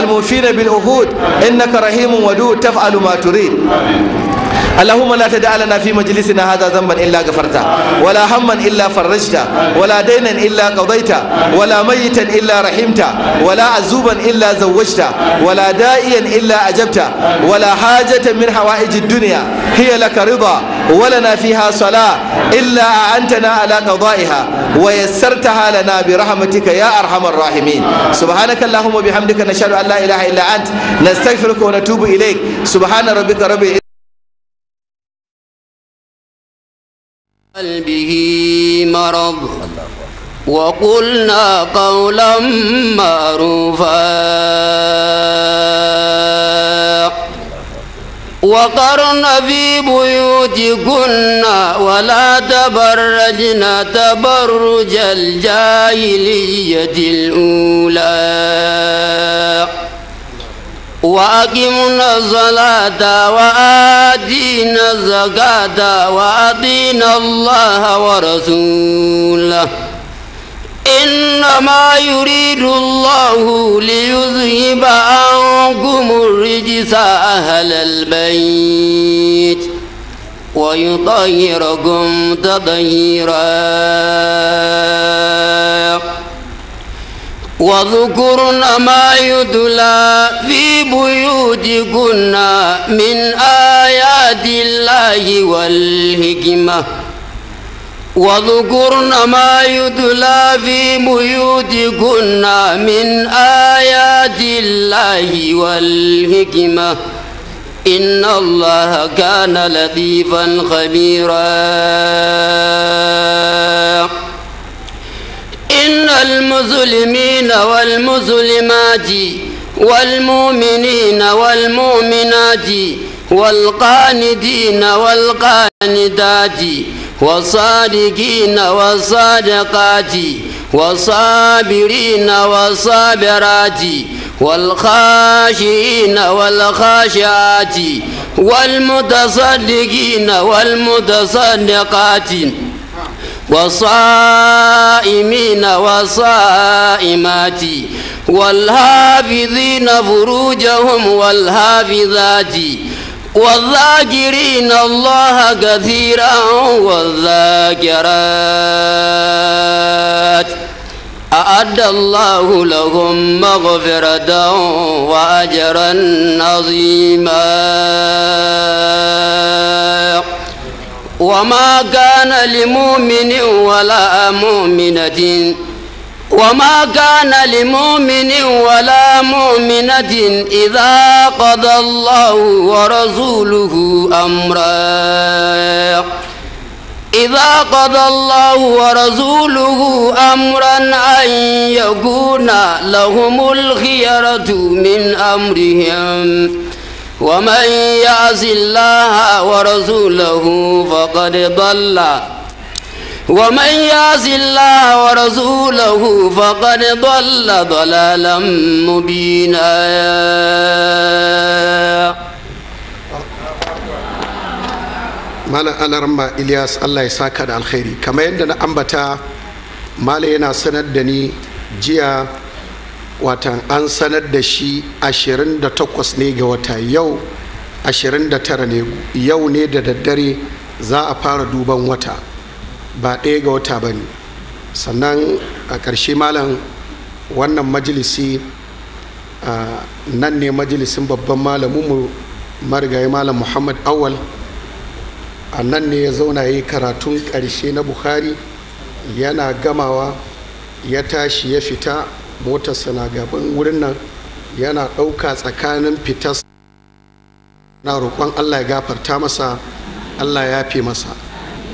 الموفين بالعهود إنك رحيم ودود تفعل ما تريد اللهم لا تدع لنا في مجلسنا هذا ذنبا إلا غفرته ولا هما إلا فرجته ولا دينا إلا قضيته ولا ميتا إلا رحمته ولا عزوبا إلا زوجته ولا دائيا إلا أجبته ولا حاجة من حوائج الدنيا هي لك رضا ولنا فيها صلاة إلا أعنتنا على قضائها ويسرتها لنا برحمتك يا أرحم الراحمين سبحانك اللهم وبحمدك نشهد أن لا إله إلا أنت نستغفرك ونتوب إليك سبحان ربك رب قلبه مرض وقلنا قولا معروفا وقرن في بيوتكن ولا تبرجن تبرج الجاهلية الأولى وأقمنا الصلاة وآتينا الزكاة وأطينا الله ورسوله إنما يريد الله ليذهب عنكم الرجس أهل البيت ويطهركم تطهيرا واذكرن ما يدلى في بيوتكن من آيات الله والحكمة واذكرن ما يدلى في بيوتكن من آيات الله والحكمة إن الله كان لطيفا خبيرا إن المظلمين والمظلمات والمؤمنين والمؤمنات والقاندين والقاندات والصادقين والصادقات والصابرين والصابرات والخاشعين والخاشعات والمتصدقين والمتصدقات والصائمين والصائمات والحافظين فروجهم والحافظات والذاكرين الله كثيرا والذاكرات أعد الله لهم مغفرة وأجرا عظيما وما كان لمؤمن ولا مؤمنة وما كان لمؤمن ولا مؤمنة إذا قضى الله ورسوله أمرا إذا قضى الله ورسوله أمرا أن يكون لهم الخيرة من أمرهم ومن يعص الله ورسوله فقد ضل ومن يعص الله ورسوله فقد ضل ضلالا مبينا malam alarma ilyas allah ya saka da alkhairi kamar yadda na ambata malam yana sanar da ni jiya watan an sanar da shi 28 ne ga wata yau 29 ne yau ne da daddare za a fara duban wata ba ɗaya ga wata ba ne sannan a ƙarshe malam wannan majalisi nan ne majalisin babban malaminmu marigayi malam muhammad awal a nan ne ya zauna ya yi karatun ƙarshe na bukhari yana gamawa ya tashi ya fita motarsa na gaban wurin nan yana ɗauka tsakanin fitas na roƙon allah ya gafarta masa allah ya fi masa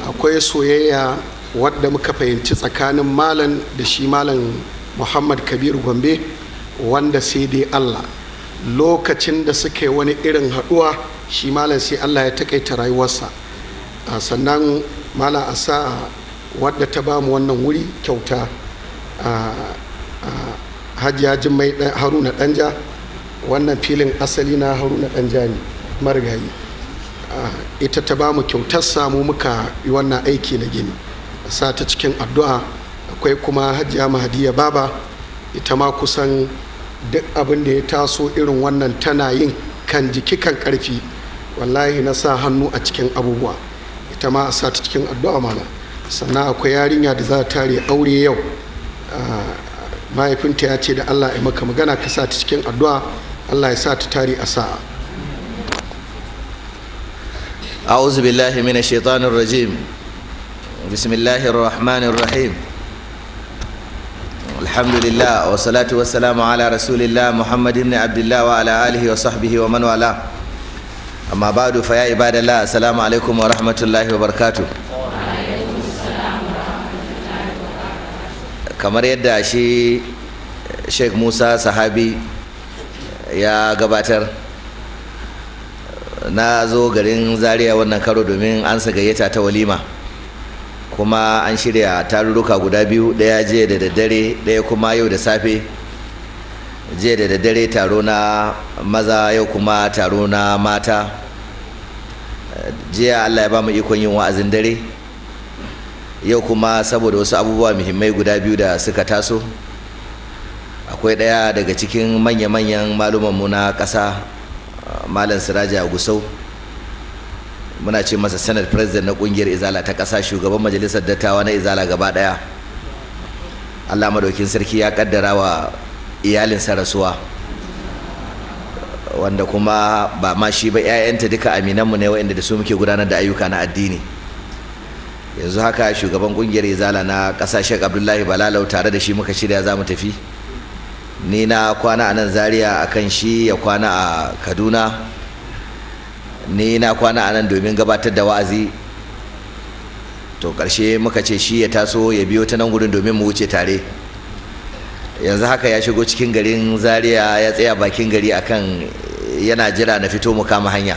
akwai soyayya wadda muka fahimci tsakanin malam da shi malam muhammad Kabiru gombe wanda sai dai allah lokacin da suke wani irin haɗuwa shi malam sai allah ya takaita rayuwarsa sannan malam asa wadda ta bamu wannan wuri kyauta hajiya jimmai haruna danja wannan filin asali na haruna danja ne marigayi ah, ita ta ba mu kyautar samu muka yi wannan aiki na gini sa ta cikin addu'a akwai kuma hajiya mahadiya baba ita ma kusan duk abin da ya taso irin wannan tana yin kan jiki kan karfi wallahi na sa hannu a cikin abubuwa ita ma a sa ta cikin addu'a mana sannan akwai yarinya da za ta tare aure yau ah, mahaifinta ya ce da allah ya maka magana ka sa ta cikin addu'a allah ya sa ta tari a sa'a a'udhu billahi minash shaitanir rajim bismillahir rahmanir rahim alhamdulillah wa salatu wa salamu ala rasulillah muhammad ibn abdullah wa ala alihi wa sahbihi wa man wala amma ba'du fa ya ibadallah assalamu alaikum wa rahmatullahi wa barakatuh kamar yadda shi eh, sheikh musa sahabi eh, ya gabatar na zo garin zaria wannan karo domin an gayyata ta walima kuma an shirya tarurruka guda biyu daya je da daddare daya kuma yau da safe jiya da daddare taro na maza yau kuma taro na mata eh, jiya allah ya ba mu ikon yin wa'azin dare yau kuma saboda wasu abubuwa muhimmai guda biyu da suka taso akwai ɗaya daga cikin manya-manyan malumanmu na ƙasa malam siraja gusau muna ce masa senate president na kungiyar izala ta ƙasa shugaban majalisar dattawa na izala gaba ɗaya allah madaukin sarki ya ƙaddara wa iyalinsa rasuwa wanda kuma ba ma shi ba 'ya'yanta duka aminanmu ne wainda da su muke gudanar da ayyuka na addini yanzu haka shugaban kungiyar izala na kasashen abdullahi balalau tare da shi muka shirya za mu tafi ni na kwana a nan zaria akan shi ya kwana a kaduna ni na kwana a nan domin gabatar da wa'azi to karshe muka ce shi ya taso ya biyo ta nan gudun domin mu wuce tare yanzu haka ya shigo cikin garin zaria ya tsaya bakin gari akan yana jira na fito mu kama hanya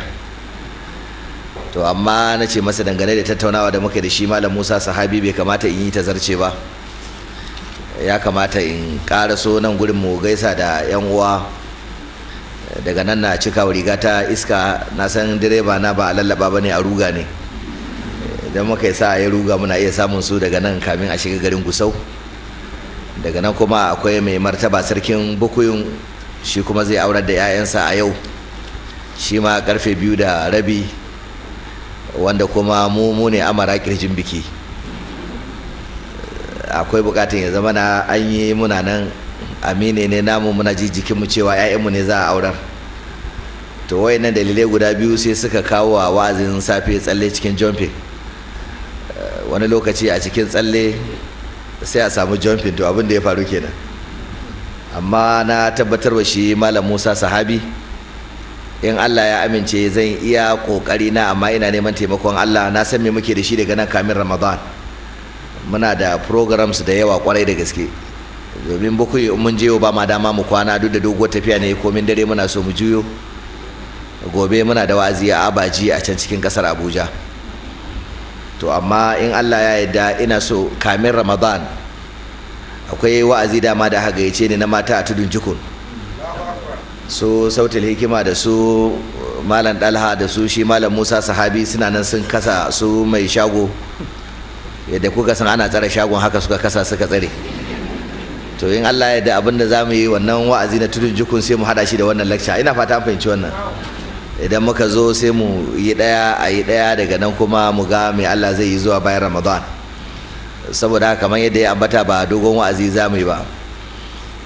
to amma na ce masa dangane da tattaunawa da muka da shi malam musa sahabi bai kamata in yi ta zarce ba ya kamata in so nan gurin mu gaisa da 'yan uwa daga nan na cika riga ta iska na san direba na ba a lallaba ba ne a ruga ne idan muka yi sa ya ruga muna iya samun su daga nan kamin a shiga garin gusau daga nan kuma akwai mai martaba sarkin bukuyin shi kuma zai aurar da 'ya'yansa a yau shi ma karfe biyu da rabi wanda kuma mu mu ne amara kirjin biki akwai bukatun ya zama na an yi muna nan amine ne namu muna ji jikinmu cewa 'ya'yanmu ne za a aurar to wayannan dalilai guda biyu sai suka kawo a wa'azin safe tsalle cikin jumping wani lokaci a cikin tsalle sai a samu jumping to abin da ya faru kenan amma na tabbatar wa shi malam musa sahabi in Allah ya amince zan iya kokari na amma ina neman taimakon Allah na san me muke da shi daga nan kamin Ramadan muna da programs da yawa kwarai da gaske domin buku mun je ba ma dama mu kwana duk da doguwar tafiya ne komin dare muna so mu juyo gobe muna da wa'azi a abaji a can cikin kasar Abuja to amma in Allah ya yarda ina so kamin Ramadan akwai wa'azi dama da haga yace ne na mata a tudun jikun su sautil hikima da su malam dalha da su shi malam musa sahabi suna nan sun kasa su mai shago yadda kuka san ana tsare shagon haka suka kasa suka tsare to in allah ya abin da za mu yi wannan wa'azi na tudun jukun sai mu hada shi da wannan lakca ina fata an fahimci wannan idan muka zo sai mu yi daya a yi daya daga nan kuma mu ga mai allah zai yi zuwa bayan ramadan saboda kamar yadda ya ambata ba dogon wa'azi za mu yi ba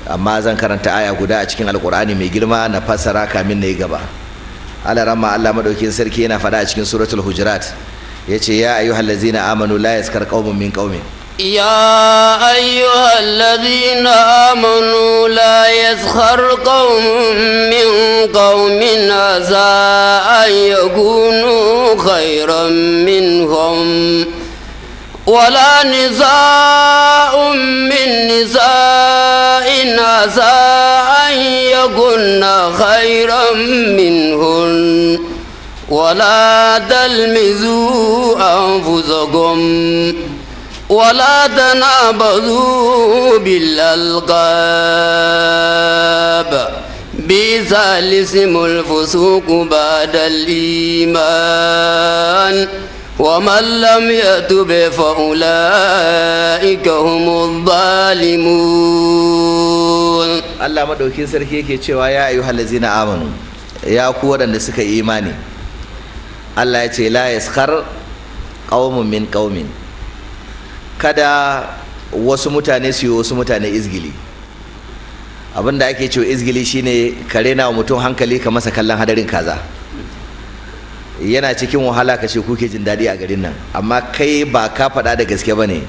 amma zan karanta aya guda a cikin alkur'ani mai girma na fassara kamin na yi gaba alarama allah maɗaukin sarki yana faɗa a cikin suratul hujurat ya ce ya ayyuhal ladzina amanu la yaskar qaumun min qaumin يا أيها الذين آمنوا min يسخر na za a عسى أن يكونوا min منهم ولا نزاع من نزاع هذا أن يكن خيرا منهن ولا تلمزوا أنفسكم ولا تنابذوا بالألقاب بئس الاسم الفسوق بعد الإيمان ومن لم يتب فأولئك هم الظالمون الله مدوكين سركي yake cewa ya ayyuha allazina amanu ya ku waɗanda suka yi imani Allah ya ce la yaskhar qaumun kada wasu mutane su yi wasu mutane izgili abinda ake cewa izgili shine kare na mutum hankali ka masa kallon hadarin kaza yana cikin wahala ka ce kuke jin daɗi a garin nan amma kai ba ka faɗa da gaske ba ne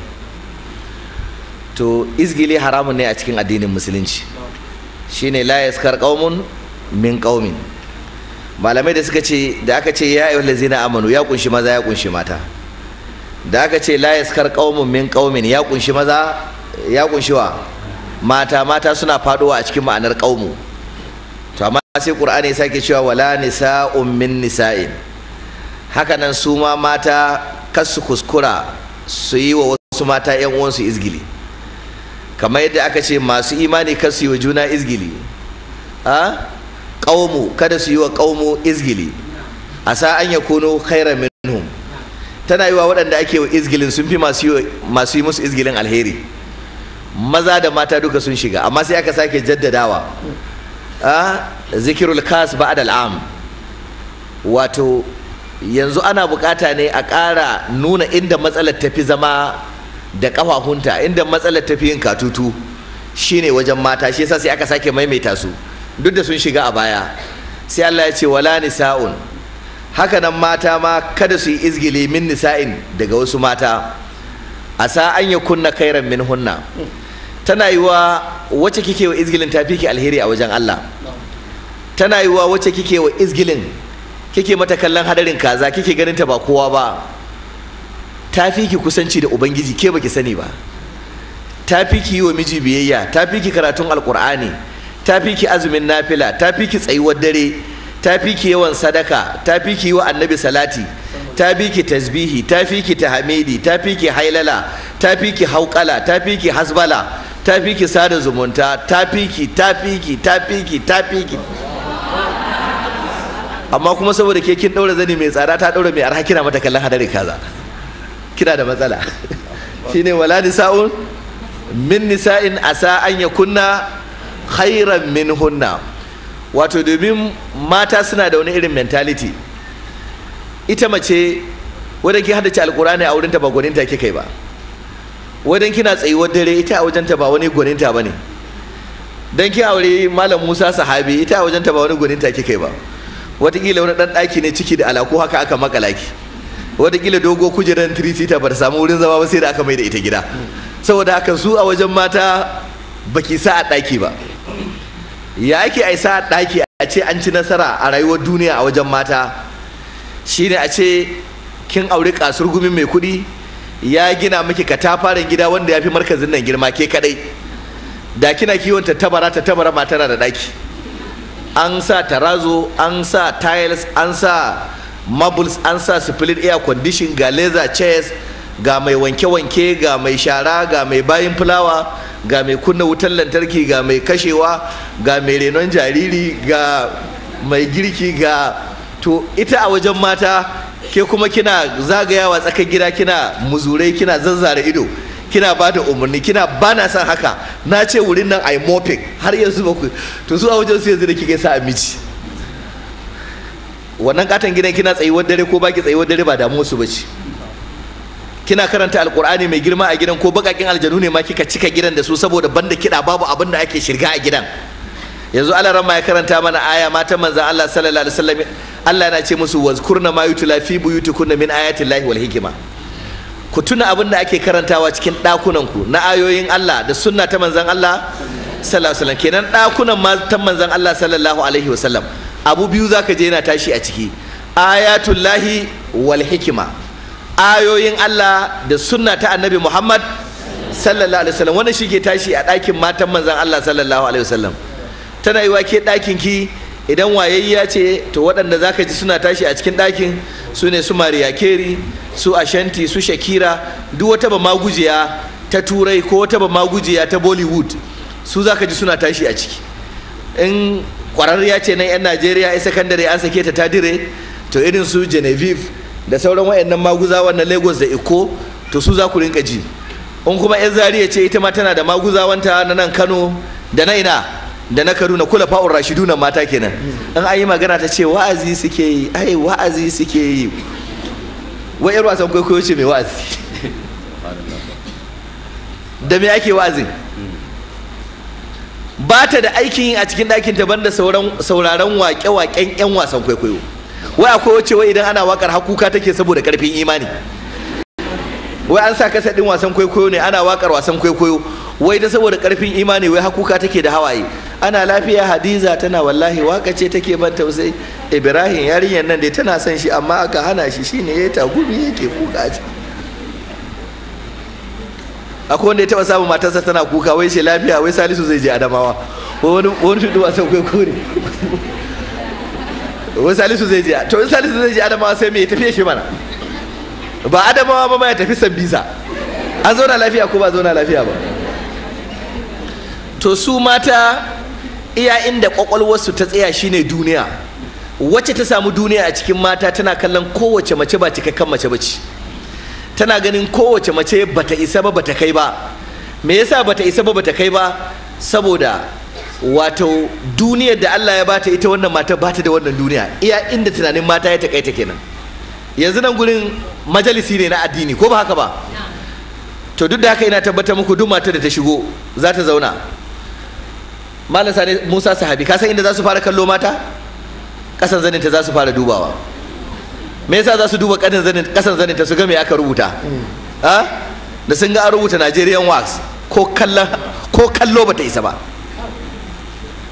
to izgili haramun ne a cikin addinin musulunci shine la yaskar qaumun min ƙaumin malamai da suka ce da aka ce ya ayyuhal zina amanu ya kunshi maza ya kunshi mata da aka ce la yaskar min ƙaumin ya kunshi maza ya kunshi wa mata mata suna fadowa a cikin ma'anar ƙaumu to amma sai ƙur'ani sake cewa wala nisa'un min nisa'in hakanan su ma mata kasu kuskura su yi wa wasu mata yan uwansu izgili kamar yadda aka ce masu imani kasu yi wa juna izgili a ƙaumu kada su yi wa ƙaumu izgili a sa an ya kuno khairan minhum tana yi wa waɗanda ake wa izgilin sun fi masu yi musu izgilin alheri maza da mata duka sun shiga amma sai aka sake jaddadawa a zikirul kas ba'ad al'am wato yanzu ana bukata ne a ƙara nuna inda matsalar tafi zama da ƙafafunta inda matsalar tafi yin katutu shine wajen mata shi yasa sai aka sake maimaita su duk da sun shiga a baya sai Allah ya ce wala nisa'un haka nan mata ma kada su yi izgili min nisa'in daga wasu mata asa an ya kunna kairan min hunna tana wa wacce kike wa izgilin tafi ki alheri a wajen Allah tana wa wacce kike wa izgilin kike mata kallon hadarin kaza kike ganin ta ba kowa ba ta fi ki kusanci da ubangiji ke baki sani ba ta fi ki yi wa miji biyayya ta fi ki karatun alkur'ani ta fi ki azumin nafila ta fi ki tsayuwar dare ta fi ki yawan sadaka ta fi ki yi wa annabi salati ta fi ki tasbihi ta fi ki tahamidi ta fi ki hailala ta fi ki hauƙala ta fi ki hasbala ta fi ki sada zumunta ta fi ki ta fi ki ta fi ki ta fi ki amma kuma saboda ke kin daura zani mai tsada ta daura mai arha kina mata kallon hadari kaza kina da matsala shine wala nisa'un min nisa'in asa an yakunna khairan hunna wato domin mata suna da wani irin mentality ita mace wadda ki haddace alkurani a wurinta ba gwaninta kike kai ba wadda kina tsayuwar dare ita a wajenta ba wani gwaninta ba ne don ki aure malam musa sahabi ita a wajenta ba wani gwaninta kike kai ba watakila wani dan ɗaki ne ciki da alaku haka aka makalaki watakila dogo kujerar tirisita ba ta samu wurin zama ba sai da aka mai da ita gida saboda haka su a wajen mata baki sa a daki ba ya ake a sa a ɗaki a ce an ci nasara a rayuwar duniya a wajen mata shi ne a ce kin auri gumi mai kudi ya gina miki katafaren gida wanda ya fi markazin nan girma ke kadai da kina kiwon tattabara tattabara matana da ɗaki an sa tarazo an sa tiles an sa marbles an sa split air condition ga laser chairs ga mai wanke-wanke ga mai shara ga mai bayin fulawa ga mai kunna wutar lantarki ga mai kashewa ga mai renon jariri ga mai girki ga to ita a wajen mata ke kuma kina zagayawa tsakar gida kina muzurai kina zazzara ido kina ba da umarni kina ba na son haka na ce wurin nan ai mopic. har yanzu ba ku to zuwa wajen su yanzu da kike sa a miji wannan katon gidan kina tsayuwar dare ko baki tsayuwar dare ba damu su bace kina karanta alkur'ani mai girma a gidan ko bakakin aljanu ne ma kika cika gidan da su saboda banda kiɗa babu abin da ake shirga a gidan yanzu Allah ya karanta mana aya matan manzon Allah sallallahu alaihi wasallam Allah yana ce musu wazkurna ma yutla fi buyutikunna min ayati llahi wal hikma ku tuna abin da ake karantawa cikin ɗakunanku na ayoyin Allah da sunna ta manzan Allah sallallahu alaihi kenan ɗakunan ma ta manzan Allah sallallahu alaihi wasallam abu biyu zaka je yana tashi a ciki ayatullahi wal hikima ayoyin Allah da sunna ta annabi Muhammad sallallahu alaihi wasallam wannan shi ke tashi a ɗakin matan manzan Allah sallallahu alaihi wasallam tana yiwa ke ɗakin ki idan wayayya ce to waɗanda zaka ji suna tashi a cikin ɗakin su ne su mariya keri su ashanti su shakira duk wata ba magujiya ta turai ko wata ba magujiya ta bollywood su zaka ji suna tashi a ciki in ƙwararriya ce nan 'yan najeriya ya sakandare an sake ta ta dire to irin su genevieve da sauran wayannan maguzawa na lagos da iko to su za ku rinka ji in kuma 'yan zariya ce ita ma tana da maguzawanta na nan kano da na ina da na kaduna kula fa'u'r rashidu na mata kenan in an yi magana ta ce wa'azi suke yi ai wa'azi suke yi wa yar wasan kwaikwayo ce mai wa'azi da me ake wa'azi? ba ta da aikin a cikin ɗakin ta banda sauraron waƙe-waƙen 'yan wasan kwaikwayo wai akwai wacce wai idan ana wakar hakuka take saboda karfin imani wai an sa kasadin wasan kwaikwayo ne ana wakar wasan kwaikwayo wai ta saboda karfin imani wai hakuka take da hawaye ana lafiya hadiza tana wallahi waka ce take ban tausayi ibrahim yarinyar nan dai tana son shi amma aka hana shi shine ya yi ya ke kuka ce akwai wanda ya taba samun matarsa tana kuka wai shi lafiya wai salisu zai je adamawa wani fito duwa sai kai kore wai salisu zai je to in salisu zai je adamawa sai mai ya tafi shi mana ba adamawa ba ma ya tafi sambisa an zauna lafiya ko ba zauna lafiya ba to su mata iya inda kwakwalwarsu ta tsaya shine duniya wacce ta samu duniya a cikin mata tana kallon kowace mace ba cikakken mace bace tana ganin kowace mace bata isa ba bata kai ba me yasa bata isa ba bata kai ba saboda wato duniyar da Allah ya bata ita wannan mata bata da wannan duniya iya inda tunanin mata ya ta takaita kenan yanzu nan gurin majalisi ne na addini ko ba haka ba to duk da haka ina tabbatar muku duk mata da ta shigo za ta zauna malasa sani musa sahabi kasan inda za su fara kallo mata kasan zanin ta za su fara dubawa me yasa za su duba kanin zanin kasan zanin ta su ga me aka rubuta hmm. ah? da sun ga an rubuta Nigerian wax ko kallo ko kallo isa ba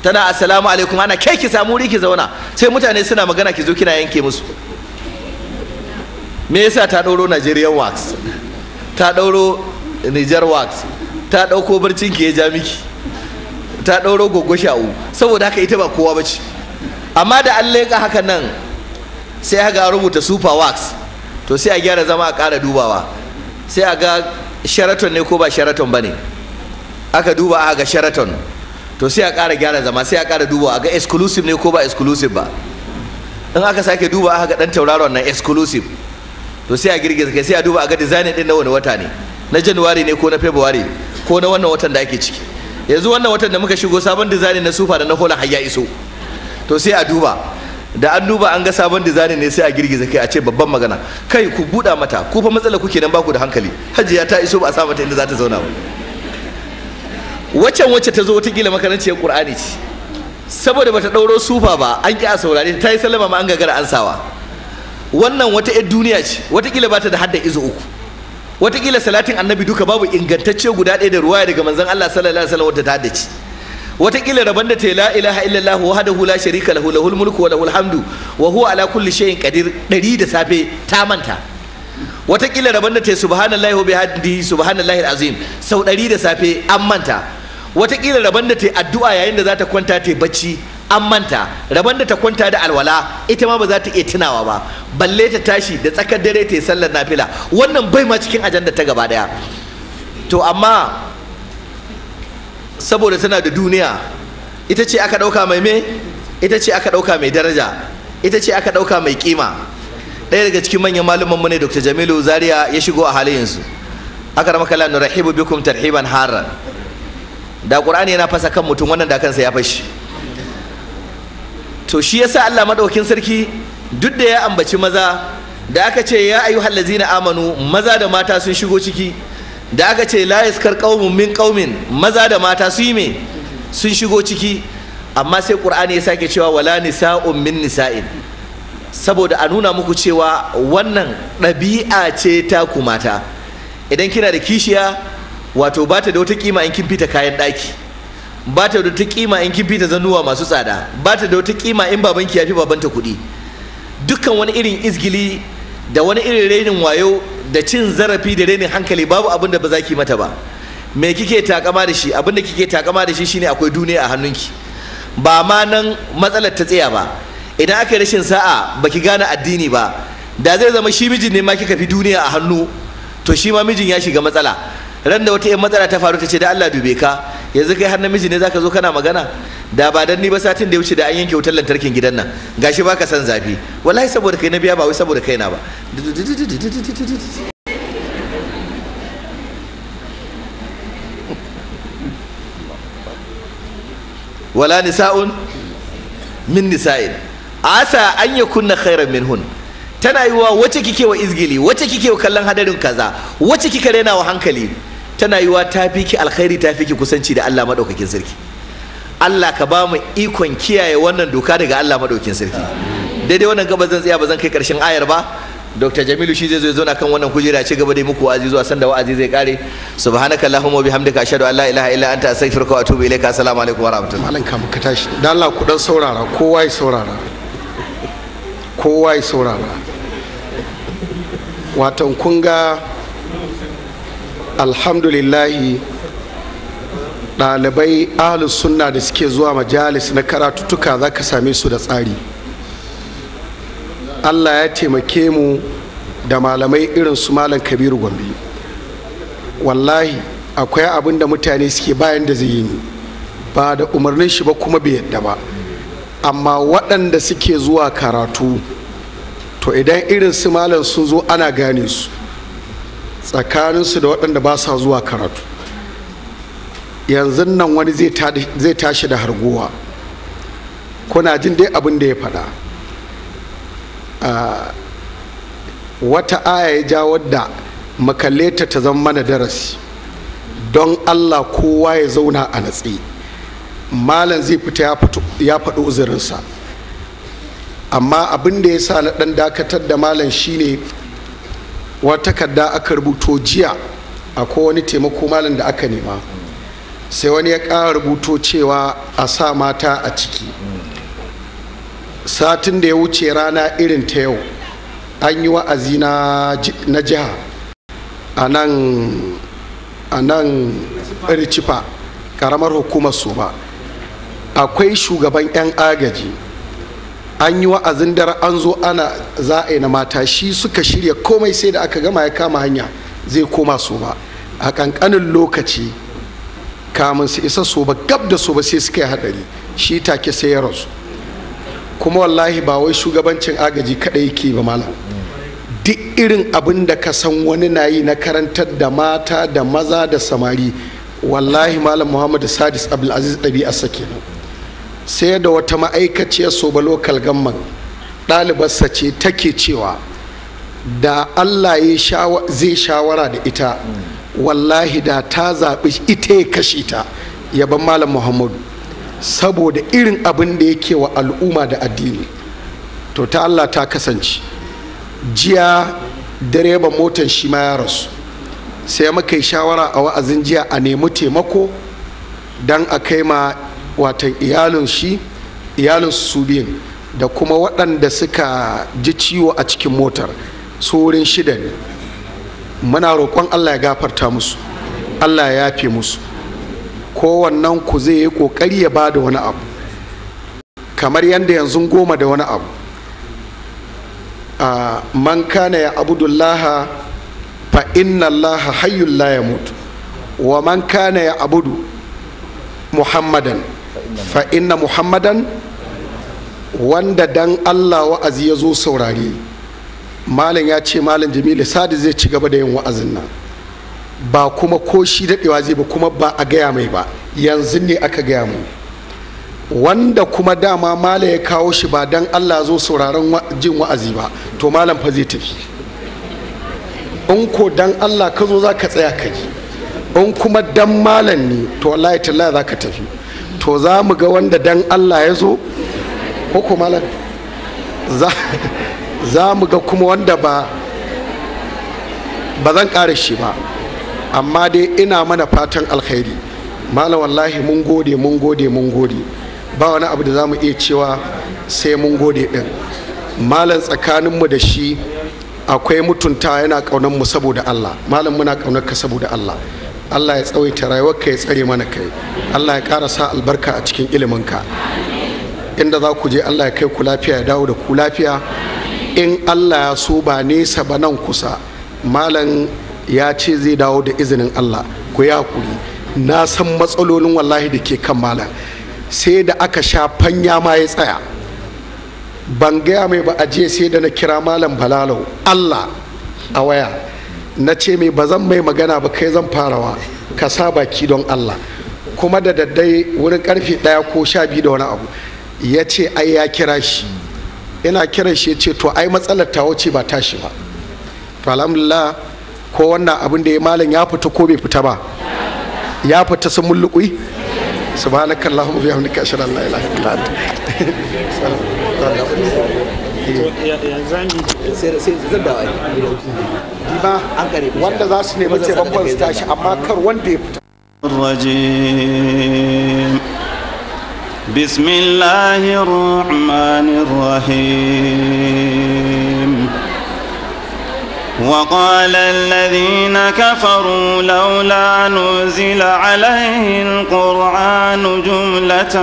tana assalamu alaikum ana ke ki samu ki zauna sai mutane suna magana ki zo kina yanke musu me yasa ta ɗauro Nigerian wax ta ɗauro Niger wax ta ɗauko barcin ki ya ja miki ta ɗauro gogo sha'u saboda haka ita ba kowa ba ce amma da an leƙa haka nan sai a ga rubuta super wax to sai a gyara zama a ƙara dubawa sai a ga sheraton ne ko ba sheraton ba ne aka duba a ga sheraton to sai a ƙara gyara zama sai a ƙara dubawa a ga exclusive ne ko ba exclusive ba in aka sake duba a ga ɗan tauraron nan exclusive to sai a girgiza kai sai a duba a ga design ɗin na wani wata ne na januwari ne ko na february ko na wannan watan da ake ciki yanzu wannan watan da muka shigo sabon dizayin na sufa da na hola hayya iso to sai a duba da an duba an ga sabon dizani ne sai a girgiza kai a ce babban magana kai ku buɗa mata ku fa matsala kuke nan baku da hankali hajiya ta iso ba a sa mata inda za ta zauna ba waccan wacce ta zo watakila makaranciyar qur'ani ce saboda bata ɗauro sufa ba an ki a saurare ta yi sallama ma an gagara ansawa wannan wata 'yar duniya ce wata ba ta da hadda izo uku watakila salatin annabi duka babu ingantacce guda ɗaya da ruwaya daga manzon Allah sallallahu alaihi wasallam wadda ta dace watakila rabon da ta la ilaha illallah wahdahu la sharika lahu lahul mulku wa lahul hamdu wa huwa ala kulli shay'in qadir ɗari da safe ta manta watakila rabon da ta yi subhanallahi wa bihamdihi subhanallahi alazim sau ɗari da safe an manta watakila rabon da ta yi addu'a yayin da za ta kwanta ta bacci an manta rabon da ta kwanta da alwala ita ma ba za ta iya tunawa ba balle ta tashi da tsakar dare ta yi sallar nafila wannan bai ma cikin ajanda ta gaba daya to amma saboda tana da duniya ita ce aka ɗauka mai me ita ce aka ɗauka mai daraja ita ce aka ɗauka mai kima ɗaya daga cikin manyan mu ne dr jamilu zaria ya shigo a halin yanzu aka makala kala nurahibu bikum tarhiban haran da qur'ani yana fasa kan mutum wannan da kansa ya fashi to shi yasa Allah madaukin sarki duk da ya ambaci maza da aka ce ya ayu na amanu maza da mata sun shigo ciki da aka ce la yaskar qaumun min qaumin maza da mata su yi me sun shigo ciki amma sai qur'ani ya sake cewa wala nisa'un min nisa'in saboda a nuna muku cewa wannan ɗabi'a ce ta kumata idan kina da kishiya wato ba ta da wata kima in kin fita kayan ɗaki ba ta da wata kima in kin fita zanuwa masu tsada ba ta da wata kima in babanki ya fi babanta kuɗi dukkan wani irin izgili da wani irin rainin wayo da cin zarafi da rainin hankali babu abin da ba za ki mata ba me kike takama da shi abin da kike takama da shi shine akwai duniya a hannunki ba ma nan matsalar ta tsaya ba idan aka yi rashin sa'a baki gane addini ba da zai zama shi mijin ne ma kika fi duniya a hannu to shi ma mijin ya shiga matsala ran da wata yan matsala ta faru ta ce da Allah dube ka yanzu kai har namiji ne zaka zo kana magana da ba dan ni ba satin da ya wuce da an yanke wutar lantarkin gidan nan gashi baka san zafi wallahi saboda kai na biya ba wai saboda kai na ba wala nisa'un min nisa'in asa an yakunna khairan minhun tana yiwa wace kike wa izgili wace kike wa kallon hadarin kaza wace kika rena wa hankali tana yiwa ta fi ki alkhairi ta fi ki kusanci da Allah madaukakin sarki Allah ka ba mu ikon kiyaye wannan doka daga Allah madaukakin sarki daidai wannan gaba zan tsaya ba zan kai karshen ayar ba Dr. Jamilu shi zai zo zauna kan wannan kujera ci gaba dai muku wa'azi zuwa sanda wa'azi zai kare subhanaka allahumma wa bihamdika ashhadu an la ilaha illa anta astaghfiruka wa atubu ilaika assalamu alaikum wa rahmatullahi malam kam ka tashi dan Allah ku dan saurara kowa ya saurara kowa ya saurara watan kun ga alhamdulillahi ɗalibai ahlus sunna da suke zuwa majalis na karatuttuka za ka same su da tsari allah ya taimake mu da malamai irin su malam kabiru gombe wallahi akwai abin da mutane suke bayan da zai yi ba da umarnin shi ba kuma bai yadda ba amma waɗanda suke zuwa karatu to idan irin su malam sun zo ana gane su tsakaninsu da waɗanda ba sa zuwa karatu yanzu nan wani zai tashi da harguwa kuna jin dai abin da ya faɗa wata aya ya ja wadda makalleta ta zama mana darasi don allah kowa ya zauna a natsi malam zai fita ya faɗi uzurinsa amma abin da ya sa na ɗan dakatar da malam shine wata takarda aka rubuto jiya akwai wani taimako malin da aka nema sai wani ya ƙara rubuto cewa a sa mata a ciki satin da ya wuce rana irin ta yau an yi wa'azi na jiha a nan a ƙaramar hukumar su ba akwai shugaban 'yan agaji an yi wa'azin dare an zo ana za a yi na mata shi suka shirya komai sai da aka gama ya kama hanya zai koma so ba a kankanin lokaci kamun su isa so ba gab da so ba sai suka yi hadari shi take sai ya rasu kuma wallahi ba wai shugabancin agaji kadai yake ba malam duk irin abin da ka san wani na yi na karantar da mata da maza da samari wallahi malam muhammadu sadis abdulaziz ɗabi'a kenan sai da wata ma'aikaciyar soba local gamman ɗalibarsa ce take cewa da allah zai shawara da ita wallahi da ta zaɓi ita ya kashe ta yaban malam muhammadu saboda irin abin da yake wa al'umma da addini to ta allah ta kasance jiya direban motar shi ma ya rasu sai muka yi shawara a wa'azin jiya a nemi taimako don a kai ma watan iyalin shi iyalin su biyun da kuma waɗanda suka ji ciwo a cikin motar tsorin shida ne muna roƙon allah ya gafarta musu allah ya yafe musu kowannan ku zai yi ƙoƙari ya ba da wani abu kamar yadda yanzu goma da wani abu a man kana ya abudullaha fa inna allaha la yamut wa man kana ya abudu muhammadan fa muhammadan wanda dan allah wa'azi ya zo saurari malam ya ce malam jamilu sadi zai ci gaba da yin wa'azin nan ba kuma ko shi daɗewa zai ba kuma ba a gaya mai ba yanzu ne aka gaya mu wanda kuma dama malam ya kawo shi ba dan allah zo sauraron jin wa'azi ba to malam fa zai tafi in ko dan allah ka zo za ka tsaya ka ji in kuma dan malam ne to wallahi tallahi za ka tafi to za mu ga wanda dan Allah ya zo ko za mu ga kuma wanda ba ba zan ƙara shi ba amma dai ina mana fatan alkhairi malam wallahi mun gode mun gode mun gode ba wani abu da za mu iya cewa sai mun gode ɗin malam tsakaninmu da shi akwai mutunta yana ƙaunar mu saboda Allah malam muna ƙaunar ka saboda Allah Allah ya tsawaita rayuwarka ya tsare mana kai Allah ya ƙara sa albarka a cikin ilimin ka inda za ku je Allah ya kai ku lafiya ya dawo da ku lafiya in Allah ya so ba nesa ba nan kusa malam ya ce zai dawo da izinin Allah ku ya hakuri na san matsalolin wallahi da ke kan malam sai da aka sha fanya ma ya tsaya ban gaya mai ba a je sai da na kira malam balalau Allah a waya na ce mai ba zan mai magana ba kai zan farawa ka sa baki don Allah kuma da daddai wurin karfe ɗaya ko sha biyu da wani abu ya ce ai ya kira shi ina kiran shi ya ce to ai matsalar ta wuce ba tashi ba to alhamdulillah ko wannan abin da ya malam ya fita ko bai fita ba ya fita sun mulluƙi subhanakallahumma bihamdika ashhadu an la ilaha illa anta الرجيم بسم الله الرحمن الرحيم وقال الذين كفروا لولا نزل عليه القرآن جملة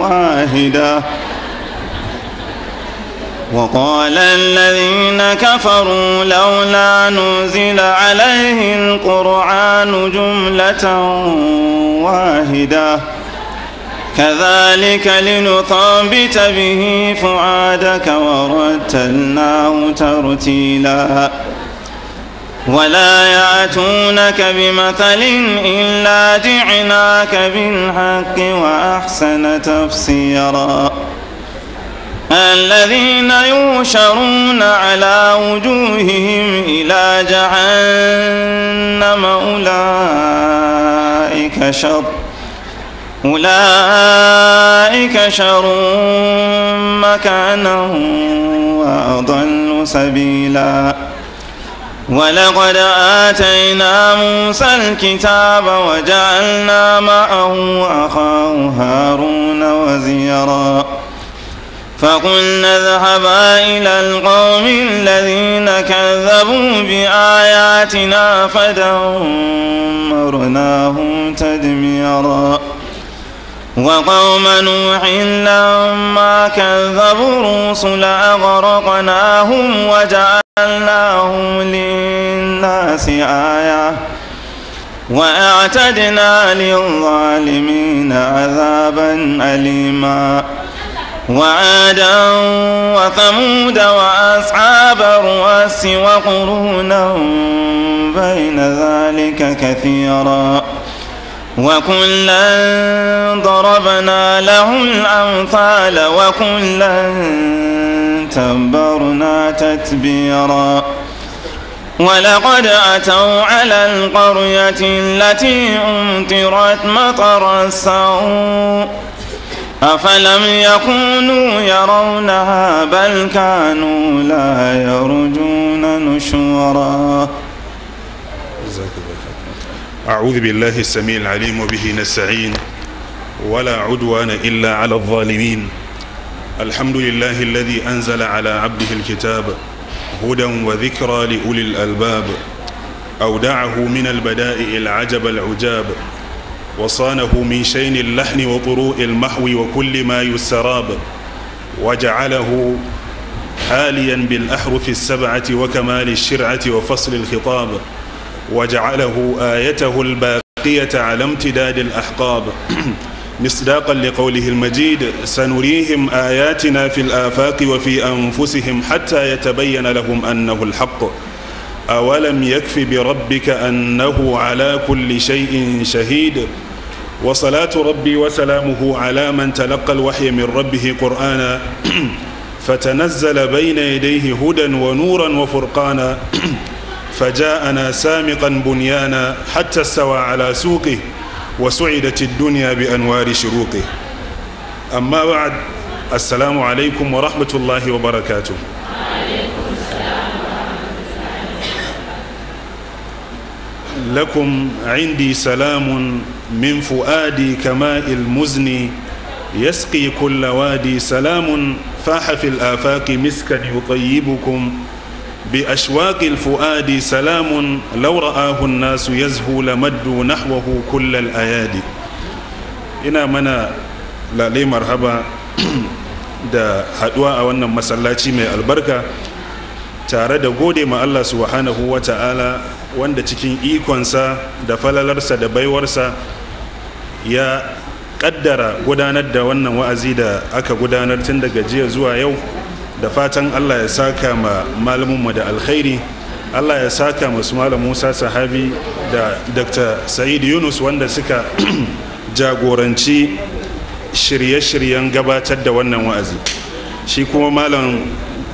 واحدة وقال الذين كفروا لولا نزل عليه القرآن جملة واحدة كذلك لنثابت به فعادك ورتلناه ترتيلا ولا يأتونك بمثل إلا جعناك بالحق وأحسن تفسيرا الذين يوشرون على وجوههم إلى جهنم أولئك شر أولئك شر مكانا وأضل سبيلا ولقد آتينا موسى الكتاب وجعلنا معه أخاه هارون وزيراً فقلنا اذهبا إلى القوم الذين كذبوا بآياتنا فدمرناهم تدميرا وقوم نوح لما كذبوا رسل أغرقناهم وجعلناهم للناس آية وأعتدنا للظالمين عذابا أليماً وعادا وثمود وأصحاب الرس وقرونا بين ذلك كثيرا وكلا ضربنا له الأمثال وكلا تبرنا تتبيرا ولقد أتوا على القرية التي أمطرت مطر السوء أفلم يكونوا يرونها بل كانوا لا يرجون نشورا أعوذ بالله السميع العليم وبه نستعين ولا عدوان إلا على الظالمين الحمد لله الذي أنزل على عبده الكتاب هدى وذكرى لأولي الألباب أودعه من البدائع العجب العجاب وصانه من شين اللحن وطروء المحو وكل ما يسراب وجعله حاليا بالأحرف السبعة وكمال الشرعة وفصل الخطاب وجعله آيته الباقية على امتداد الأحقاب مصداقا لقوله المجيد سنريهم آياتنا في الآفاق وفي أنفسهم حتى يتبين لهم أنه الحق أولم يكف بربك أنه على كل شيء شهيد وصلاة ربي وسلامه على من تلقى الوحي من ربه قرآنا فتنزل بين يديه هدى ونورا وفرقانا فجاءنا سامقا بنيانا حتى استوى على سوقه وسعدت الدنيا بأنوار شروقه أما بعد السلام عليكم ورحمة الله وبركاته لكم عندي سلام من فؤادي كماء المزن يسقي كل وادي سلام فاح في الآفاق مسكا يطيبكم بأشواق الفؤاد سلام لو رآه الناس يزهو لمدوا نحوه كل الأيادي ina mana lalai marhaba da haduwa a wannan masallaci mai albarka tare da gode ma Allah subhanahu wa ta'ala wanda cikin ikonsa da falalarsa da baiwarsa ya kaddara gudanar da wannan wa'azi da aka gudanar tun daga jiya zuwa yau da fatan allah ya saka ma malaminmu da alkhairi allah ya saka masu malam musa sahabi da dr sa'id yunus wanda suka jagoranci shirye-shiryen gabatar da wannan wa'azi shi kuma malam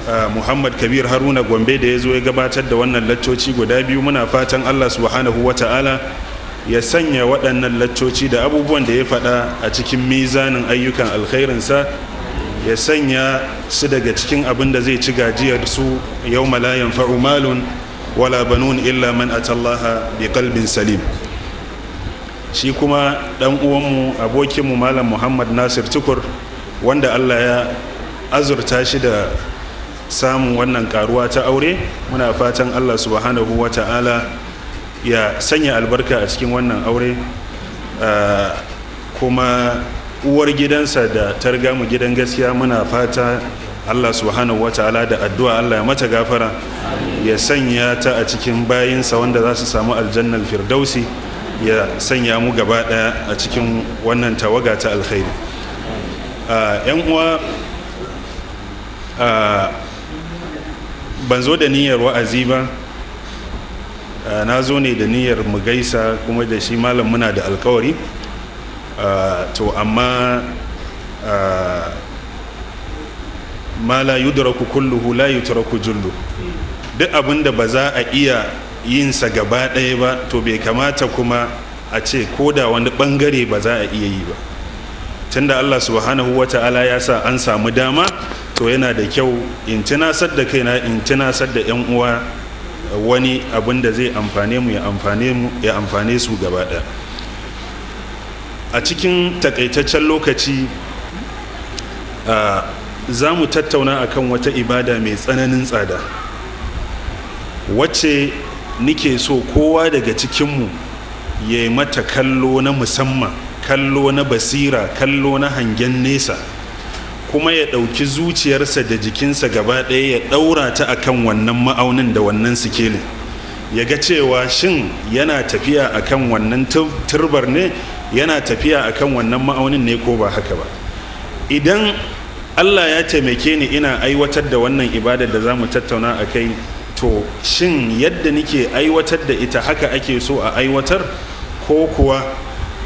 muhammad kabir haruna gombe da ya zo ya gabatar da wannan laccoci guda biyu muna fatan allah subhanahu ta'ala ya sanya waɗannan laccoci da abubuwan da ya faɗa a cikin mizanin ayyukan alkhairinsa ya sanya su daga cikin abin da zai ci gajiyar su yau malayan fa'umalun wala banun illa man atallaha bi kalbin salim shi kuma ɗan uwanmu abokinmu malam muhammad nasir tukur wanda allah ya azurta shi da samun wannan karuwa ta aure muna fatan allah subhanahu wa ta'ala ya sanya albarka a cikin wannan aure kuma uwar gidansa da targa mu gidan gaskiya muna fata allah subhanahu wa ta'ala da addu'a allah ya mata gafara ya sanya ta a cikin bayinsa wanda za su samu aljannan firdausi ya sanya mu gaba daya a cikin wannan tawaga ta alkhairi yan uwa ban zo da niyyar wa'azi ba ah, na zo ne da niyyar mu gaisa kuma da shi malam muna da alkawari ah, to amma ah, ma la yudraku kulluhu la yutraku jullu duk abin da ba za a iya yin sa gaba ɗaya ba to bai kamata kuma a ce ko da wani bangare ba za a iya yi ba tunda Allah subhanahu wa Ta'ala ya sa an samu dama to yana da kyau in tunasar da kaina in tunasar da yan uwa wani abin da zai amfane mu ya amfane su gaba ɗaya a cikin takaitaccen lokaci za mu tattauna kan wata ibada mai tsananin tsada wacce nike so kowa daga cikinmu ya yi mata kallo na musamman kallo na basira kallo na hangen nesa kuma ya ɗauki zuciyarsa da jikinsa gaba ɗaya ya ɗaura ta akan wannan ma'aunin da wannan sikelin ya ga cewa shin yana tafiya akan wannan turbar ne yana tafiya akan wannan ma'aunin ne ko ba haka ba idan allah ya taimake ni ina aiwatar da wannan ibadar da za mu tattauna a kai to shin yadda nike aiwatar da ita haka ake so a aiwatar ko kuwa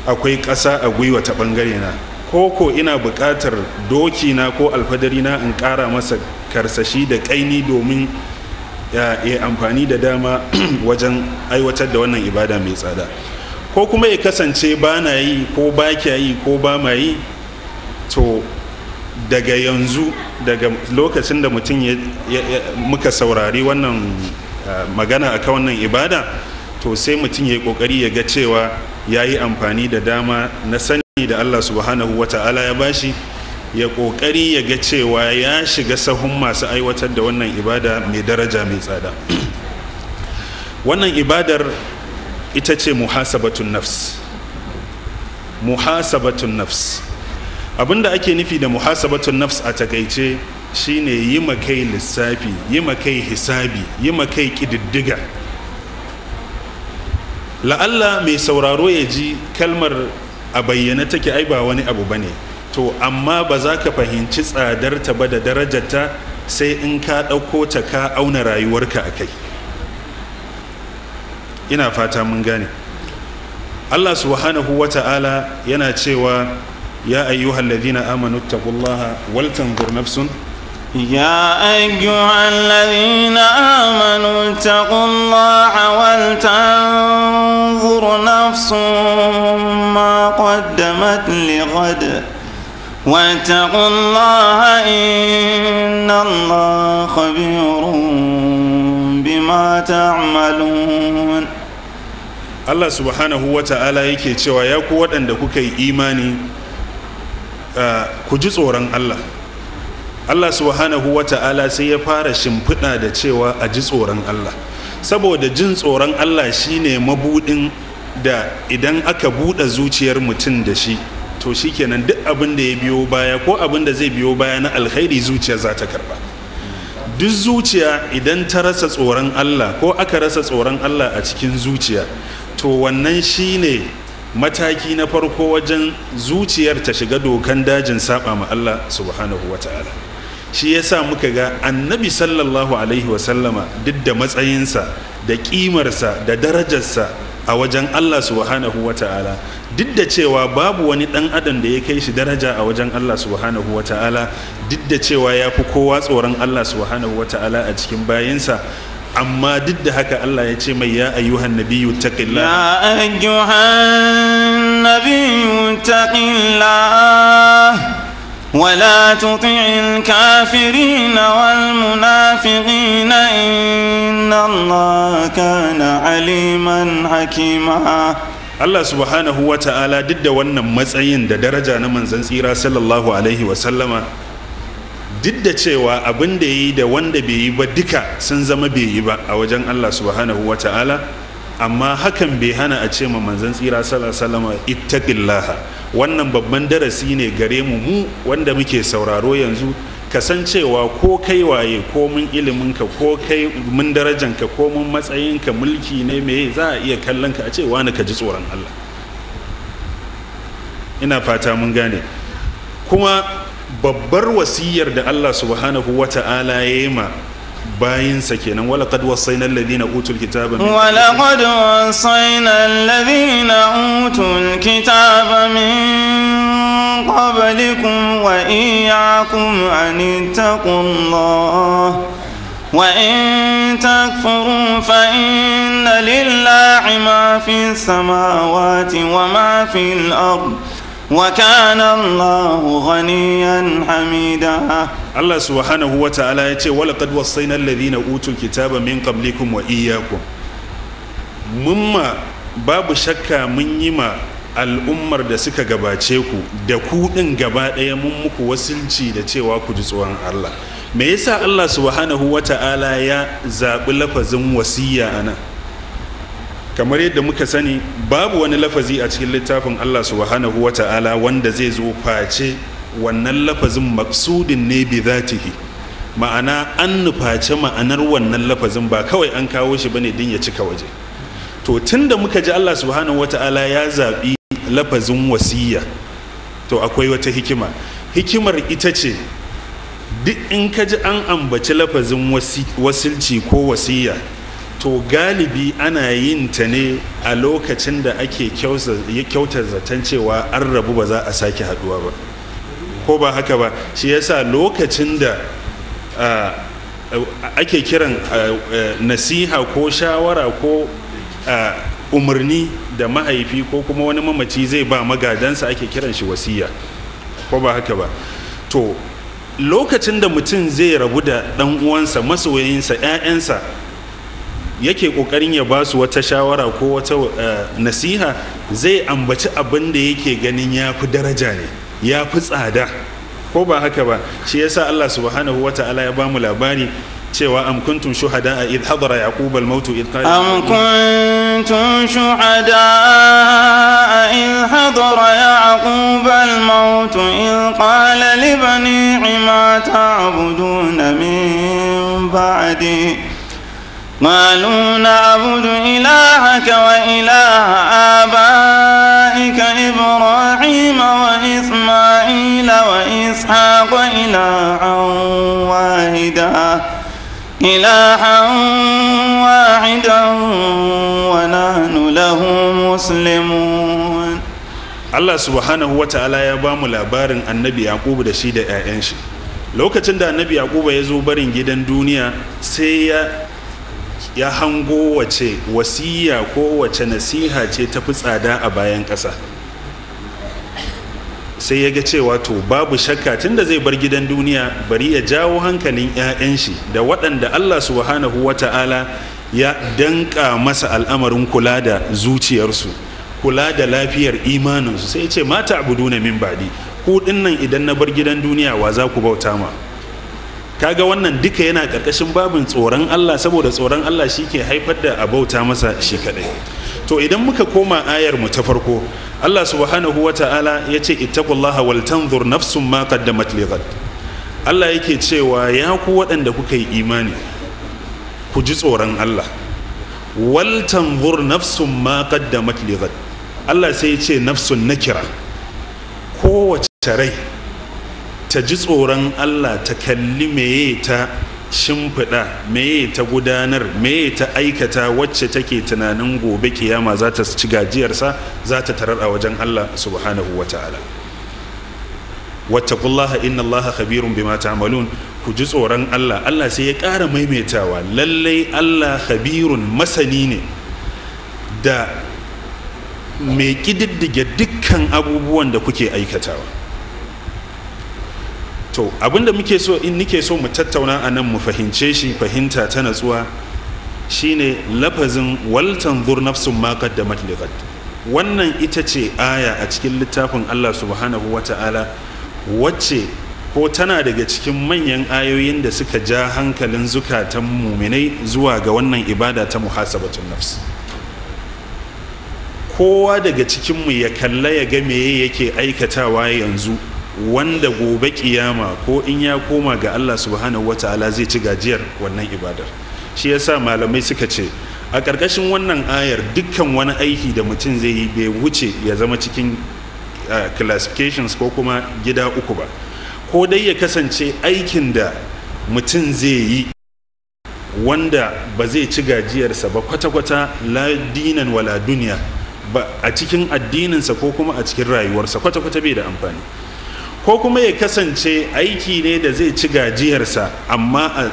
akwai ƙasa a gwiwa ta ɓangare na koko ina buƙatar dokina ko alfadarina in ƙara masa karsashi da ƙaini domin ya yi amfani da dama wajen aiwatar da wannan ibada mai tsada ko kuma ya kasance ba na yi ko ba kya yi ko ba ma yi to daga yanzu daga lokacin da mutum muka saurari wannan eh, magana a wannan ibada to sai mutum ya yi kokari ya ga cewa ya yi amfani da dama na sani da allah subhanahu wa ta'ala ya bashi ya kokari ya ga cewa ya shiga sahun masu aiwatar da wannan ibada mai daraja mai tsada wannan ibadar ita ce muhasabatun nafs muhasabatun nafs abinda ake nufi da muhasabatun nafs a takaice shine yi makai lissafi yi makai hisabi yi makai kididdiga la'alla mai sauraro ya ji kalmar a bayyana take ai ba wani abu ba ne to amma ba za ka fahimci tsadarta ba da darajarta sai in ka ɗauko ta ka auna rayuwarka a kai ina fata mun gane allah subhanahu wa ta'ala yana cewa ya ayyuhal amanu taqullaha wal tanzur nafsun يا أيها الذين آمنوا اتقوا الله ولتنظر نفس ما قدمت لغد واتقوا الله إن الله خبير بما تعملون الله سبحانه وتعالى يكي تشوى cewa ya ku waɗanda kuka الله Allah subhanahu wa ta'ala sai ya fara shimfiɗa da cewa a ji tsoron Allah saboda jin tsoron Allah shine mabuɗin da idan aka buɗe zuciyar mutum da shi to shikenan duk abin da ya biyo baya ko abin da zai biyo baya na alkhairi zuciya za ta karba duk zuciya idan ta rasa tsoron Allah ko aka rasa tsoron Allah a cikin zuciya to wannan shine mataki na farko wajen zuciyar ta shiga dokan dajin saba ma Allah subhanahu wa ta'ala shi ya sa muka ga annabi sallallahu alaihi wasallama duk da matsayinsa da ƙimarsa da darajarsa a wajen allah subhanahu wa ta'ala duk da cewa babu wani ɗan adam da ya kai shi daraja a wajen allah subhanahu wa ta'ala duk da cewa ya fi kowa tsoron allah subhanahu wa ta'ala a cikin bayansa amma duk da haka Allah ya ce mai ya ayyuhan nabiyyu taqillah ya ayyuhan nabiyyu taqillah ولا تطع الكافرين والمنافقين إن الله كان عليما حكيما Allah subhanahu wa ta'ala duk da wannan matsayin da daraja na manzan tsira sallallahu alaihi wasallama duk da cewa abin da ya da wanda bai yi ba duka sun zama bai yi ba a wajen Allah subhanahu wa amma hakan bai hana a ce ma manzon tsira sallallahu ita ittaqillaha wannan babban darasi ne gare mu mu wanda muke sauraro yanzu kasancewa ko kai waye ko mun iliminka ko kai mun darajanka ko mun matsayinka mulki ne me za a iya kallon ka a ce wani ka ji tsoron Allah ina fata mun gane kuma babbar wasiyar da Allah subhanahu wata'ala ya yi ma bayinsa kenan wala qad wasayna alladhina utul kitaba min wala qad wasayna alladhina utul kitaba min qablikum wa iyyakum an ittaqullah وإن تكفروا فإن لله ما في السماوات وما في الأرض وكان الله غنيا حميدا الله سبحانه وتعالى يقول ولقد وصينا الذين أوتوا الكتاب من قبلكم وإياكم مما babu shakka mun yi ma al'ummar da suka gabace ku da ku ɗin gaba ɗaya mun muku wasilci da cewa ku ji tsoron Allah me yasa Allah subhanahu wata'ala ya zaɓi lafazin wasiya a nan kamar yadda muka sani babu wani lafazi a cikin littafin Allah subhanahu wa ta'ala wanda zai zo face wannan lafazin maksudin ne bi zatihi ma'ana an nuface ma'anar wannan lafazin ba kawai an kawo shi bane din ya cika waje to tun da muka ji Allah subhanahu wa ta'ala ya zaɓi lafazin wasiya to akwai wata hikima hikimar ita ce duk in ka ji an ambaci lafazin wasilci ko wasiya to galibi ana yin ta ne a lokacin da ake kyautar zaton cewa an rabu ba za a sake haduwa ba ko ba haka ba shi yasa lokacin da ake kiran nasiha ko shawara ko umarni da mahaifi ko kuma wani mamaci zai ba magadansa ake kiran shi wasiya ko ba haka ba to lokacin da mutum zai rabu da ɗan uwansa masoyinsa 'ya'yansa yake kokarin ya basu wata shawara ko wata nasiha zai ambaci abin da yake ganin ya fi daraja ne ya fi tsada ko ba haka ba shi yasa Allah subhanahu wata'ala ya bamu labari cewa am kuntum shuhada id hadara yaqub al maut id qala am kuntum shuhada id hadara yaqub al maut id qala li bani imata abudun min ba'di قالوا نعبد إلهك وإله آبائك إبراهيم وإسماعيل وإسحاق إلها واحدا إلها واحدا ونحن له مسلمون Allah subhanahu wa ta'ala ya ba mu labarin annabi Yaqubu da shi da 'ya'yan shi lokacin da annabi Yaqubu ya zo barin gidan duniya sai ya ya hango wace wasiya ko wace nasiha ce ta fi tsada a bayan ƙasa sai ya ga cewa to babu shakka tun da zai bar gidan duniya bari ya jawo hankalin 'ya'yan shi da waɗanda Allah subhanahu ta'ala ya danka masa al'amarin kula da zuciyarsu kula da lafiyar imaninsu sai ya ce mata abu duna min baɗi ku ɗin nan idan na bar gidan duniya wa za ku bauta ma kaga wannan duka yana ƙarƙashin babin tsoron Allah saboda tsoron Allah shi ke haifar da abauta masa shi kaɗai to idan muka koma ayar mu ta farko Allah subhanahu wa ta'ala ya ce ittaqullaha wal tanzur nafsun ma qaddamat lighad Allah yake cewa ya ku waɗanda kuka yi imani ku ji tsoron Allah wal tanzur nafsun ma qaddamat lighad Allah sai ya ce nafsun nakira kowace rai ta ji tsoron Allah ta kalli meye ta shimfiɗa meye ta gudanar meye ta aikata wacce take tunanin gobe kiyama za ta ci gajiyarsa za ta tarar a wajen Allah subhanahu wa ta'ala wattaqullaha inna allaha khabirun bima ta'malun ku ji tsoron Allah Allah sai ya ƙara maimaitawa lallai Allah khabirun masani ne da mai ƙididdige dukkan abubuwan da kuke aikatawa to abinda muke so in nike so mu tattauna a nan mu fahimce shi fahimta ta natsuwa shine lafazin waltan zur nafsun ma da liqad wannan ita ce aya a cikin littafin Allah subhanahu wa ta'ala wacce ko tana daga cikin manyan ayoyin da suka ja hankalin zukatan muminai zuwa ga wannan ibada ta muhasabatun nafs kowa daga cikinmu ya kalla ya ga meye yake aikatawa yanzu wanda gobe kiyama ko in ya koma ga Allah subhanahu ta'ala zai ci gajiyar wannan ibadar shi ya sa malamai suka ce a ƙarƙashin wannan ayar dukkan wani aiki da mutum zai yi bai wuce ya zama cikin classifications ko kuma gida uku ba ko dai ya kasance aikin da mutum zai yi wanda ba zai ci gajiyarsa ba kwata-kwata la wala duniya ba a cikin addininsa ko kuma a cikin rayuwarsa kwata-kwata bai da amfani ko kuma ya kasance aiki ne da zai ci gajiyarsa amma a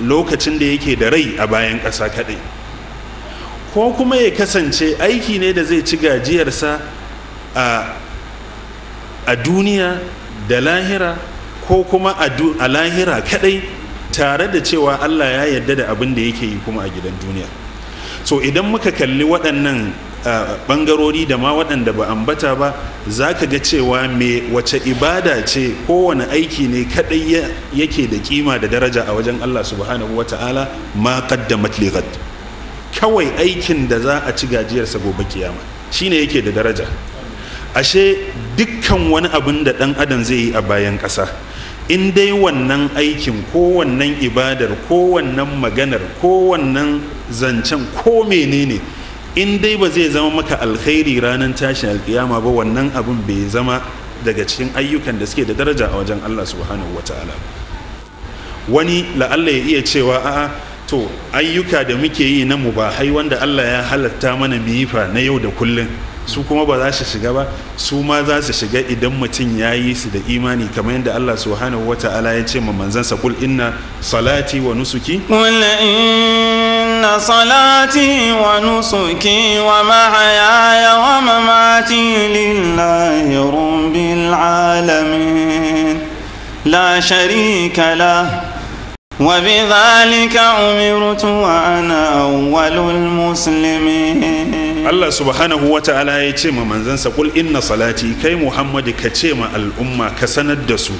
lokacin da yake da rai a bayan ƙasa kaɗai ko kuma ya kasance aiki ne da zai ci gajiyarsa a duniya da lahira ko kuma a lahira kaɗai tare da cewa allah ya yarda da abin da yake yi kuma a gidan duniya so idan muka kalli waɗannan bangarori da ma waɗanda ba ambata ba za ka ga cewa me wace ibada ce kowane aiki ne kaɗai yake da kima da daraja a wajen Allah subhanahu wa ta'ala ma qaddamat li kawai aikin da za a ci gajiyarsa gobe kiyama shine yake da daraja ashe dukkan wani abin da ɗan adam zai yi a bayan ƙasa in dai wannan aikin ko wannan ibadar ko wannan maganar ko wannan zancen ko menene ne in dai ba zai zama maka alkhairi ranar tashin alkiyama ba wannan abin bai zama daga cikin ayyukan da suke da daraja a wajen Allah subhanahu ta'ala wani la'alla ya iya cewa a'a to ayyuka da muke yi na mubahai wanda Allah ya halatta mana miyifa na yau da kullum su kuma ba za su shiga ba su ma za su shiga idan mutum ya yi su da imani kamar yadda Allah subhanahu wa ta'ala ya ce ma manzansa kul inna salati wa nusuki إن صلاتي ونسكي ومحياي ومماتي لله رب العالمين لا شريك له وبذلك أمرت وأنا أول المسلمين Allah subhanahu wa ta'ala ya ce ma manzansa kul inna salati kai Muhammadu ka ce ma al'umma ka sanar da su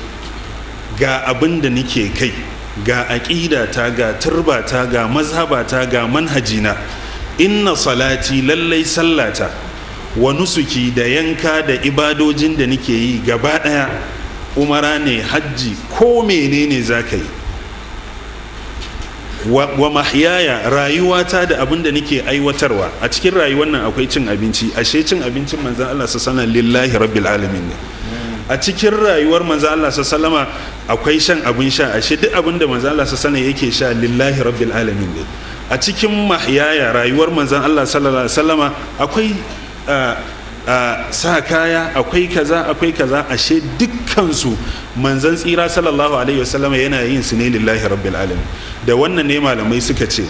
ga abin da nike kai ga aƙidata ga turbata ga mazhabata ga manhajina inna salati lallai sallata wa nusuki da yanka da ibadojin da nike yi gaba ɗaya umara ne hajji ko menene za ka yi wa, wa mahyaya rayuwata da abin da nake aiwatarwa a cikin rayuwar nan akwai cin abinci ashe cin abincin manzan Allah su sanar lillahi rabbil alamin ne a cikin rayuwar manzo Allah sallama akwai shan abin sha ashe duk abin da manzo Allah sallama yake sha lillahi rabbil alamin ne a cikin mahyaya rayuwar manzon Allah sallallahu alaihi wasallama akwai sa kaya akwai kaza akwai kaza ashe dukkansu manzon tsira sallallahu alaihi wasallama yana yin su ne lillahi rabbil alamin da wannan ne malamai suka ce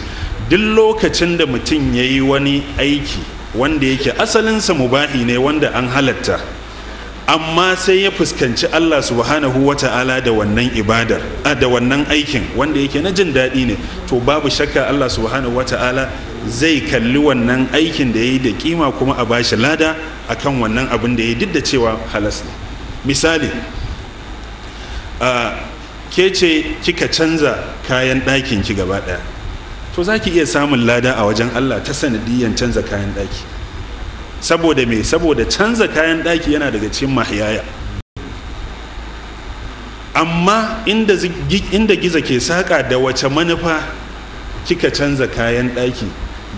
duk lokacin da mutum ya yi wani aiki wanda yake asalinsa mubahi ne wanda an halatta amma sai ya fuskanci Allah subhanahu wa ta'ala da wannan ibadar da wannan aikin wanda yake na jin daɗi ne to babu shakka Allah subhanahu wa ta'ala zai kalli wannan aikin da ya yi da kima kuma a bashi lada a kan wannan abin da ya duk da cewa halas ne misali ke ce kika canza kayan ɗakin ki gaba ɗaya to za ki iya samun lada a wajen Allah ta sanadiyyan canza kayan ɗaki saboda mai saboda canza kayan daki yana daga cikin mahiyaya amma inda, inda giza ke saƙa da wace manufa kika canza kayan daki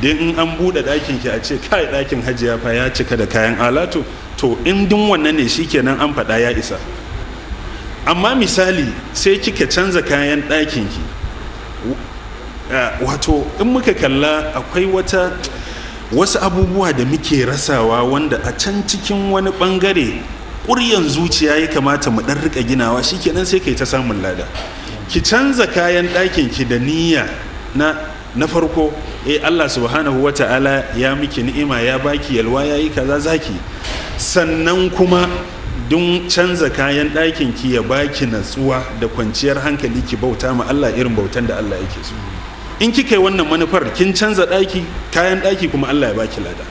don in an bude dakin ki a ce kai dakin hajiya fa ya cika da kayan alatu to in din wannan ne shikenan an faɗa ya isa amma misali sai kika canza kayan dakin ki eh, wato in muka kalla akwai wata wasu abubuwa da muke rasawa wanda a can cikin wani bangare ƙuryan zuciya ya kamata mu ɗan rika ginawa shi nan sai ka kai ta samun lada ki canza kayan ɗakin ki da niyya na na farko eh Allah subhanahu ta'ala ya miki ni'ima ya baki yalwa ya yi kaza zaki sannan kuma don canza kayan ɗakin ki ya baki natsuwa da kwanciyar hankali ki bauta ma Allah irin bautan da Allah yake so in kika yi wannan manufar kin canza ɗaki kayan ɗaki kuma allah ya baki lada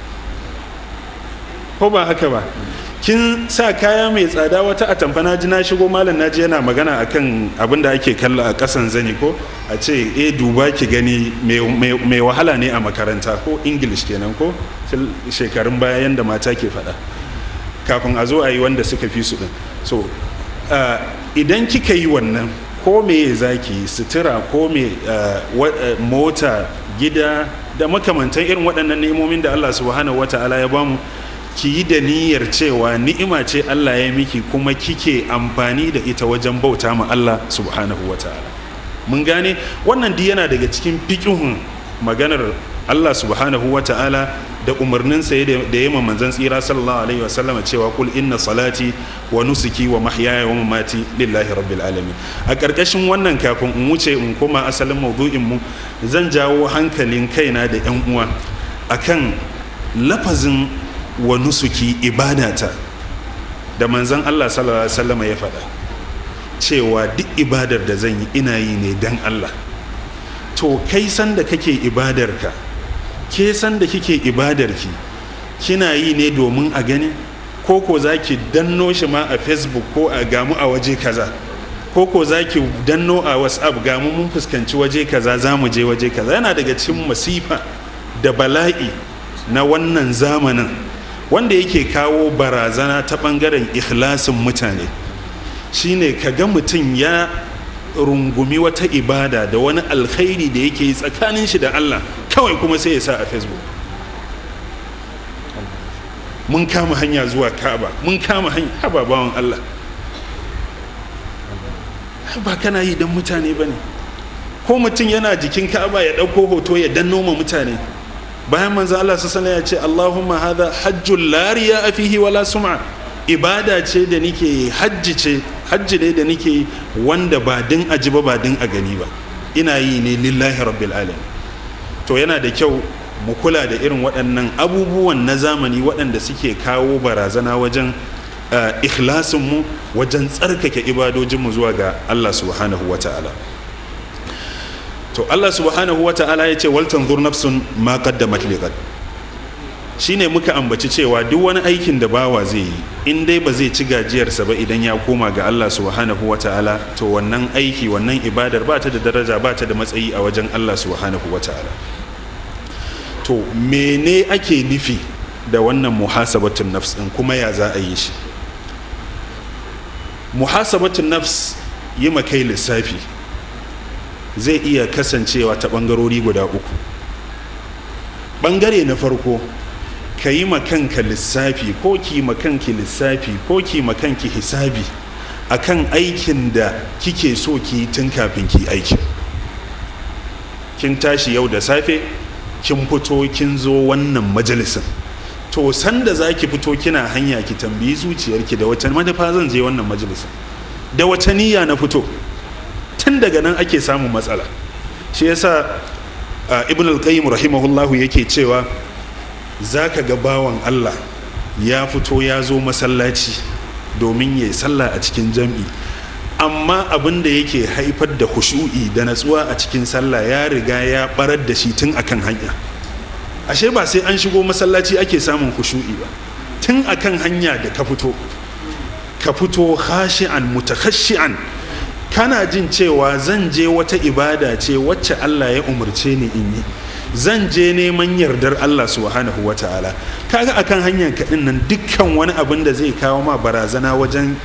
ko ba haka ba kin sa kaya mai tsada wata a tamfana ji na shigo malam naji yana magana akan abin da ake kalla a kasan zani ko a ce eh duba ki gani mai wahala ne a makaranta ko english kenan ko shekarun baya yanda mata ke faɗa kafin a zo a yi wanda suka fi su din so ah, idan kika yi wannan ko me za ki sutura ko me eh, eh, mota gida da makamantan irin waɗannan ni'imomin da Allah subhanahu wata'ala ya bamu ki yi da niyyar cewa ni'ima ce Allah ya miki kuma kike amfani da ita wajen bauta ma Allah subhanahu wata'ala mun gane wannan yana daga cikin fikihun maganar Allah subhanahu wa ta'ala da umarninsa da ya manzan tsira sallallahu alaihi wasallam cewa kul inna salati wa nusuki wa mahyaya wa mamati lillahi rabbil alamin a ƙarƙashin wannan kafin in wuce in koma asalin maudu'in mu zan jawo hankalin kaina da yan uwa akan lafazin wa nusuki ibadata da manzan Allah sallallahu alaihi wasallam ya faɗa cewa duk ibadar da zan yi ina yi ne dan Allah to kai san da kake ibadarka ka ke san da kike ibadarki kina yi ne domin a gani ko ko za ki danno shi ma a facebook ko a gamu a waje kaza ko ko za ki danno a whatsapp gamu mun fuskanci waje kaza za mu je waje kaza yana daga cikin masifa da bala'i na wannan zamanin wanda yake kawo barazana ta bangaren ikhlasin mutane shine kaga mutum ya rungumi wata ibada da wani alkhairi da yake yi tsakanin shi da Allah kawai kuma sai ya sa a facebook mun kama hanya zuwa ka'aba mun kama hanya haba bawan Allah ba kana yi don mutane ba ne ko mutum yana jikin ka'aba ya ɗauko hoto ya dan noma mutane bayan manzo Allah sassana ya ce Allahumma hada hajjul lariya fihi wala sum'a ibada ce da nike hajji ce hajji ne da nike wanda ba din aji ba ba din a gani ba ina yi ne lillahi rabbil alamin to yana da kyau mu kula da irin waɗannan abubuwan na zamani waɗanda suke kawo barazana wajen eh, mu wajen tsarkake ibadojinmu zuwa ga Allah subhanahu wata'ala to Allah subhanahu wata'ala ya ce waltan zur nafsun ma qaddamat liqad Shi ne muka ambaci cewa duk wani aikin da bawa zai yi in dai ba zai ci gajiyarsa ba idan ya koma ga Allah subhanahu ta'ala to wannan aiki wannan ibadar ba ta da daraja ba ta da matsayi a wajen Allah subhanahu ta'ala to mene ake nufi da wannan muhasabatun nafs din kuma ya za a yi shi muhasabatun nafs yi makai lissafi zai iya kasancewa ta bangarori guda uku bangare na farko ka yi makanka lissafi ko ki makanki lissafi ko ki makanki hisabi a kan aikin da kike so ki yi tun kafin ki aiki kin tashi yau da safe kin fito kin zo wannan majalisin to sanda za ki fito kina hanya ki tambayi zuciyarki da wata manufa zan je wannan majalisin da wata niyya na fito tun daga nan ake samun matsala shi yasa ibn al-qayyim rahimahullahu yake cewa za ka ga bawan Allah ya fito ya zo masallaci domin ya yi sallah a cikin jam'i amma abin da yake haifar da hushu'i da natsuwa a cikin sallah ya riga ya barar da shi tun akan hanya ashe ba sai an shigo masallaci ake samun hushu'i ba tun akan hanya da ka fito ka fito khashi'an mutakhashi'an kana jin cewa zan je wata ibada ce wacce Allah ya umarce ni in yi zan je neman yardar Allah su subhanahu wa ta'ala kaga akan hanyar kaɗin nan dukkan wani abin da zai kawo ma barazana wajen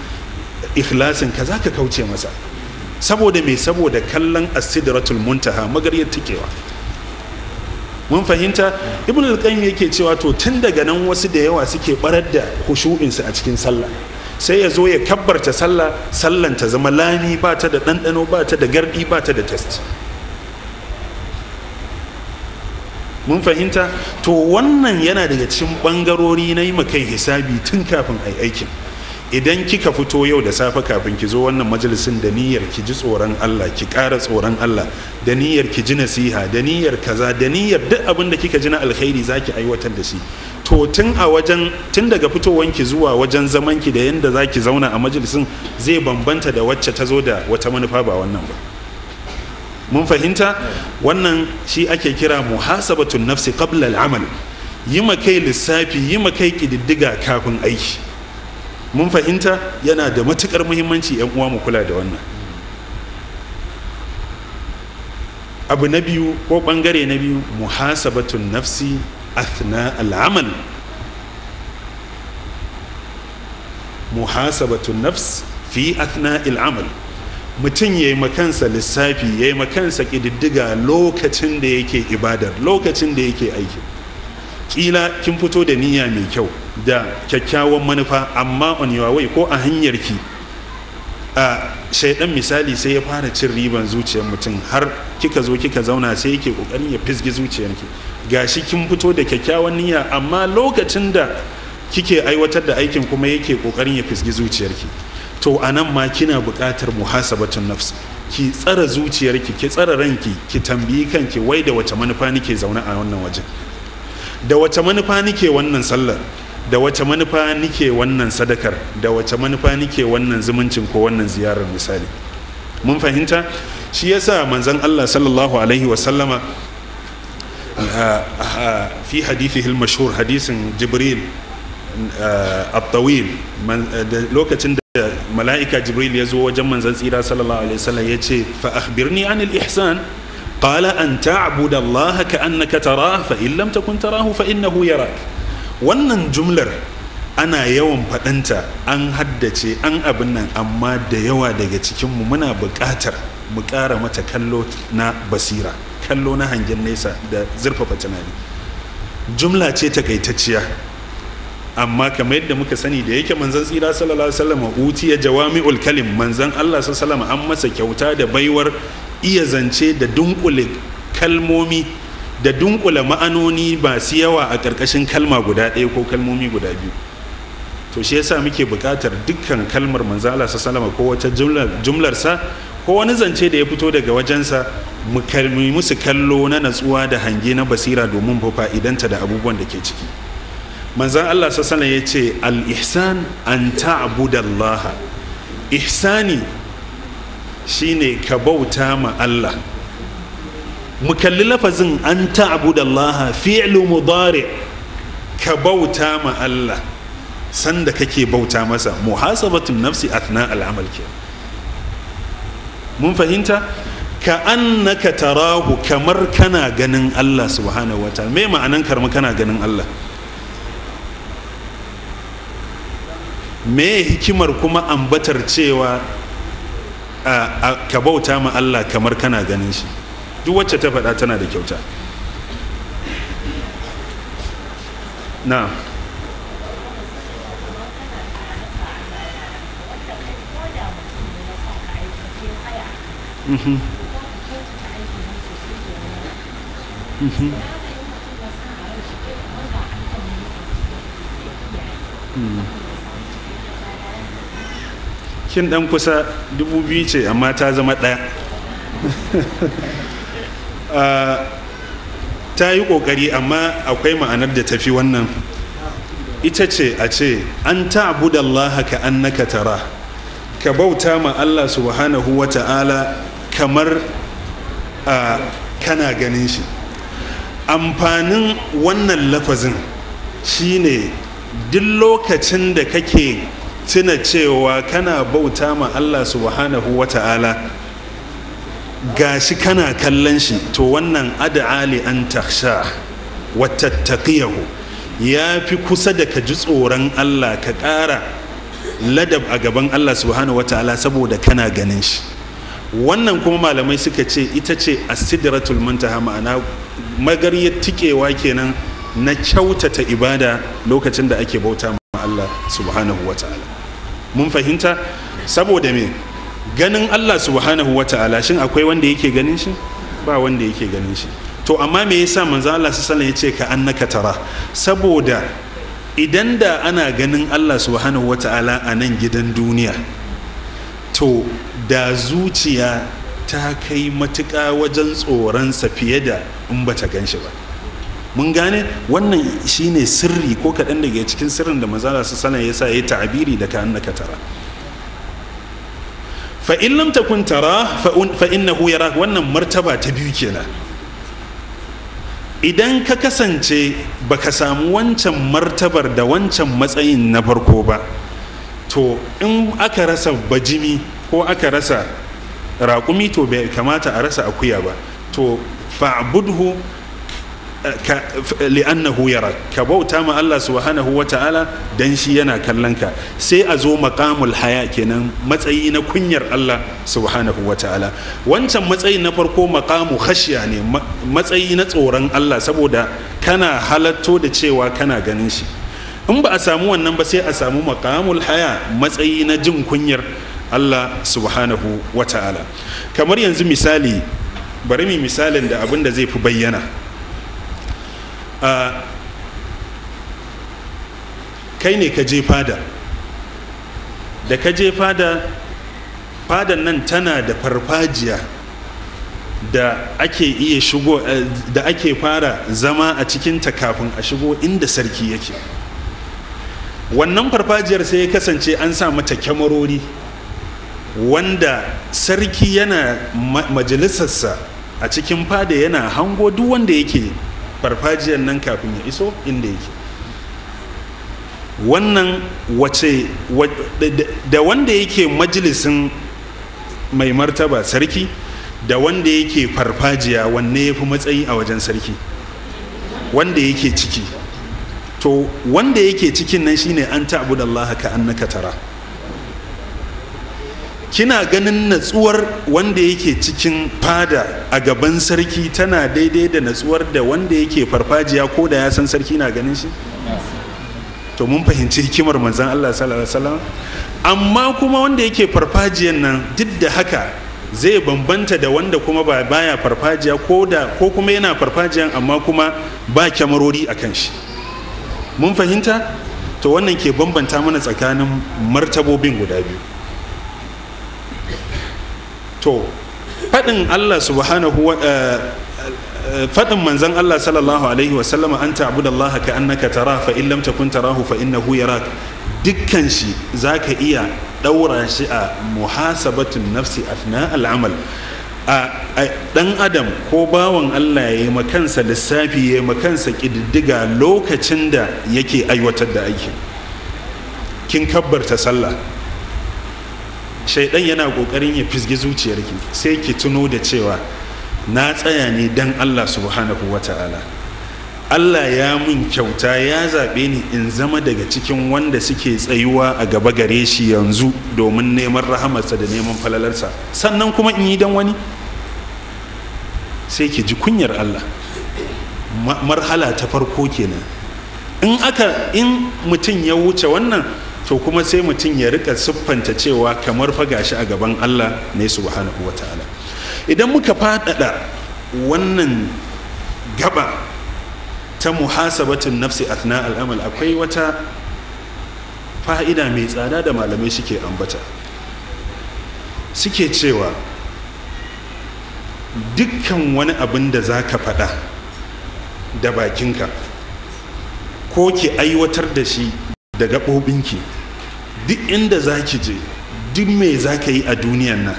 ikhlasin ka zaka kauce masa saboda mai saboda kallon asidratul muntaha magaryar tikewa mun fahimta ibn al-qayyim yake cewa to tun daga nan wasu da yawa suke barar da khushu'in a cikin sallah sai ya zo ya kabbarta sallah sallan ta zama lami ba ta da ɗanɗano ba ta da gardi ba ta da test mun fahimta to wannan yana daga cikin bangarori na yi kai hisabi tun kafin a aikin idan kika fito yau da safe kafin ki zo wannan majalisin da niyyar ki ji tsoron Allah ki ƙara tsoron Allah da niyyar ki ji nasiha da niyyar kaza da niyyar duk abin da kika ji na alkhairi zaki aiwatar da shi to tun a wajen tun daga fitowanki zuwa wajen zaman ki da yanda zaki zauna a majalisin zai bambanta da wacce ta zo da wata manufa ba wannan ba mun fahimta wannan shi ake kira muhasabatun nafsi qabla al'amal yi kai lissafi yi kai kididdiga kafin aiki mun fahimta yana da matukar muhimmanci yan uwa mu kula da wannan abu na biyu ko bangare na biyu muhasabatun nafsi athna al'amal muhasabatun nafs fi athna al'amal mutum ya yi makansa lissafi ya yi makansa ƙididdiga lokacin da yake ibadar lokacin da yake aiki ƙila kin fito da niyya mai kyau da kyakkyawan manufa amma on your way ko a hanyar ki a shaidan misali sai ya fara cin riban zuciyar mutum har kika zo kika zauna sai yake kokarin ya fisgi zuciyarki gashi kin fito da kyakkyawan niyya amma lokacin da kike aiwatar da aikin kuma yake kokarin ya fisgi zuciyarki to nan ma kina buƙatar muhasabatun nafs ki tsara zuciyarki ki tsara ranki ki tambayi kanki wai da wace manufa nike zaune a wannan wajen da wace manufa nike wannan sallar da wace manufa nike wannan sadakar da wace manufa nike wannan zumuncin ko wannan ziyarar misali mun fahimta shi yasa manzon Allah sallallahu alaihi wa sallama fi hadithihi al-mashhur hadisin jibril at-tawil lokacin mala'ika jibril ya zo wajen manzan tsira sallallahu alaihi wasallam ya ce fa akhbirni anil ihsan qala an ta'budu allaha ka annaka tara fa in lam takun tarahu fa innahu yarak wannan jumlar ana yawan faɗinta an haddace an abin nan amma da yawa daga cikinmu muna buƙatar mu ƙara mata kallo na basira kallo na hangen nesa da zurfafa tunani jumla ce takaitacciya amma kamar yadda muka sani da yake manzon tsira sallallahu alaihi wasallam ya jawami'ul kalim manzon Allah sallallahu alaihi an masa kyauta da baiwar iya zance da dunkule kalmomi da dunkule ma'anoni ba su yawa a ƙarƙashin kalma guda ɗaya ko kalmomi guda biyu to shi yasa muke buƙatar dukkan kalmar manzan Allah sallallahu alaihi ko wata jumlarsa ko wani zance da ya fito daga wajensa mu musu kallo na natsuwa da hange na basira domin fa fa'idanta da abubuwan da ke ciki manzan Allah sassana ya ce al-ihsan an ta'budallaha ihsani shine ka bauta ma Allah mu kalli lafazin an ta'budallaha fi'lu mudari ka bauta ma Allah sanda kake bauta masa muhasabatun nafsi athna al'amal ke mun fahimta ka annaka tarahu kamar kana ganin Allah subhanahu Taala. me ma'anan karma kana ganin Allah me hikimar kuma ambatar cewa ka bauta ma Allah kamar kana ganin shi duk wacce ta faɗa tana da kyauta na Mm-hmm. mm-hmm. mm-hmm. cikin dan kusa dubu biyu ce amma ta zama ɗaya ah, ta yi ƙoƙari amma akwai ma'anar da tafi wannan ita ce a ce an da Allah ka annaka tara ka bauta ma Allah subhanahu wa ta'ala kamar a ah, kana ganin shi amfanin wannan lafazin shine duk lokacin da kake tuna cewa kana bauta ma Allah subhanahu wa ta'ala ga shi kana kallon shi to wannan ad'ali an taksha wa tattaqiyahu ya fi kusa da ka ji tsoron Allah ka ƙara ladab a gaban Allah subhanahu wa ta'ala saboda kana ganin shi wannan kuma malamai suka ce ita ce asidratul muntaha ma'ana magariyar tikewa kenan na kyautata ibada lokacin da ake bauta ma Allah subhanahu wa ta'ala mun fahimta saboda me ganin Allah subhanahu wa ta'ala shin akwai wanda yake ganin shi ba wanda yake ganin shi to amma me yasa manzo Allah sallallahu alaihi wasallam yace ka annaka tara saboda idan da ana ganin Allah subhanahu wa ta'ala a nan gidan duniya to da zuciya ta kai matuƙa wajen tsoronsa fiye da in bata gan shi ba mun gane wannan shine sirri ko kaɗan daga cikin sirrin da manzala su sana ya sa ya ta'abiri da ka annaka tara fa in lam takun tara fa innahu yara wannan martaba ta biyu kenan idan ka kasance baka samu wancan martabar da wancan matsayin na farko ba to in aka rasa bajimi ko aka rasa raƙumi to bai kamata a rasa akuya ba to fa'budhu li'annahu yara ka bauta ma Allah subhanahu wa ta'ala dan shi yana kallon ka sai a zo maqamul haya kenan matsayi na kunyar Allah subhanahu wa ta'ala wancan matsayi na farko maqamu khashiya ne matsayi na tsoron Allah saboda kana halatto da cewa kana ganin shi in ba a samu wannan ba sai a samu maqamul haya matsayi na jin kunyar Allah subhanahu wa ta'ala kamar yanzu misali bari mu misalin da abin da zai fi bayyana kai ne ka je fada da ka je fada fadan nan tana da farfajiya da ake iya shigo eh, da ake fara zama a cikinta kafin a shigo inda sarki yake wannan farfajiyar sai ya kasance an sa mata kyamarori wanda sarki yana majalisarsa a cikin fada yana hango duk wanda yake farfajiyar nan kafin ya iso inda yake wannan wace da wanda yake majalisin mai martaba sarki da wanda yake farfajiya wanne ya fi matsayi a wajen sarki wanda yake ciki to wanda yake cikin nan shine an ta'budallaha ka annaka tara kina ganin natsuwar wanda yake cikin fada a gaban sarki tana daidai da natsuwar da wanda yake farfajiya ko da ya san sarki na ganin shi to mun fahimci hikimar manzan Allah sallallahu wasallam amma kuma wanda yake farfajiyan nan duk da haka zai bambanta da wanda kuma ba baya farfajiya ko da ko kuma yana farfajiyan amma kuma ba kyamarori akan shi mun fahimta to wannan ke bambanta mana tsakanin martabobin guda biyu to faɗin Allah subhanahu wa eh, eh, faɗin manzon Allah sallallahu alaihi wa sallama an ta'budu Allah ka annaka tara fa in lam takun tarahu fa innahu yarak dukkan shi zaka iya daura shi a muhasabatun nafsi afna al'amal a dan adam ko bawan Allah ya yi makansa lissafi ya yi makansa kididdiga lokacin da yake aiwatar da aiki kin kabbarta sallah shaidan yana kokarin ya fisgi zuciyarki sai ki tuno da cewa na tsaya ne dan Allah subhanahu wata'ala Allah ya mun kyauta ya zaɓe ni in zama daga cikin wanda suke tsayuwa a gaba gare shi yanzu domin neman rahamarsa da neman falalarsa sannan kuma in yi dan wani sai ki ji kunyar Allah marhala ta farko kenan in aka in mutum ya wuce wannan to kuma sai mutum ya rika siffanta cewa kamar fa gashi a gaban Allah ne subhanahu wa ta'ala idan muka faɗaɗa wannan gaba ta muhasabatun nafsi athna al'amal akwai wata fa'ida mai tsada da malamai suke ambata suke cewa dukkan wani abin da za ka faɗa da bakinka ko ki aiwatar da shi da gaɓoɓinki duk inda za ki je duk me za ka yi a duniyan nan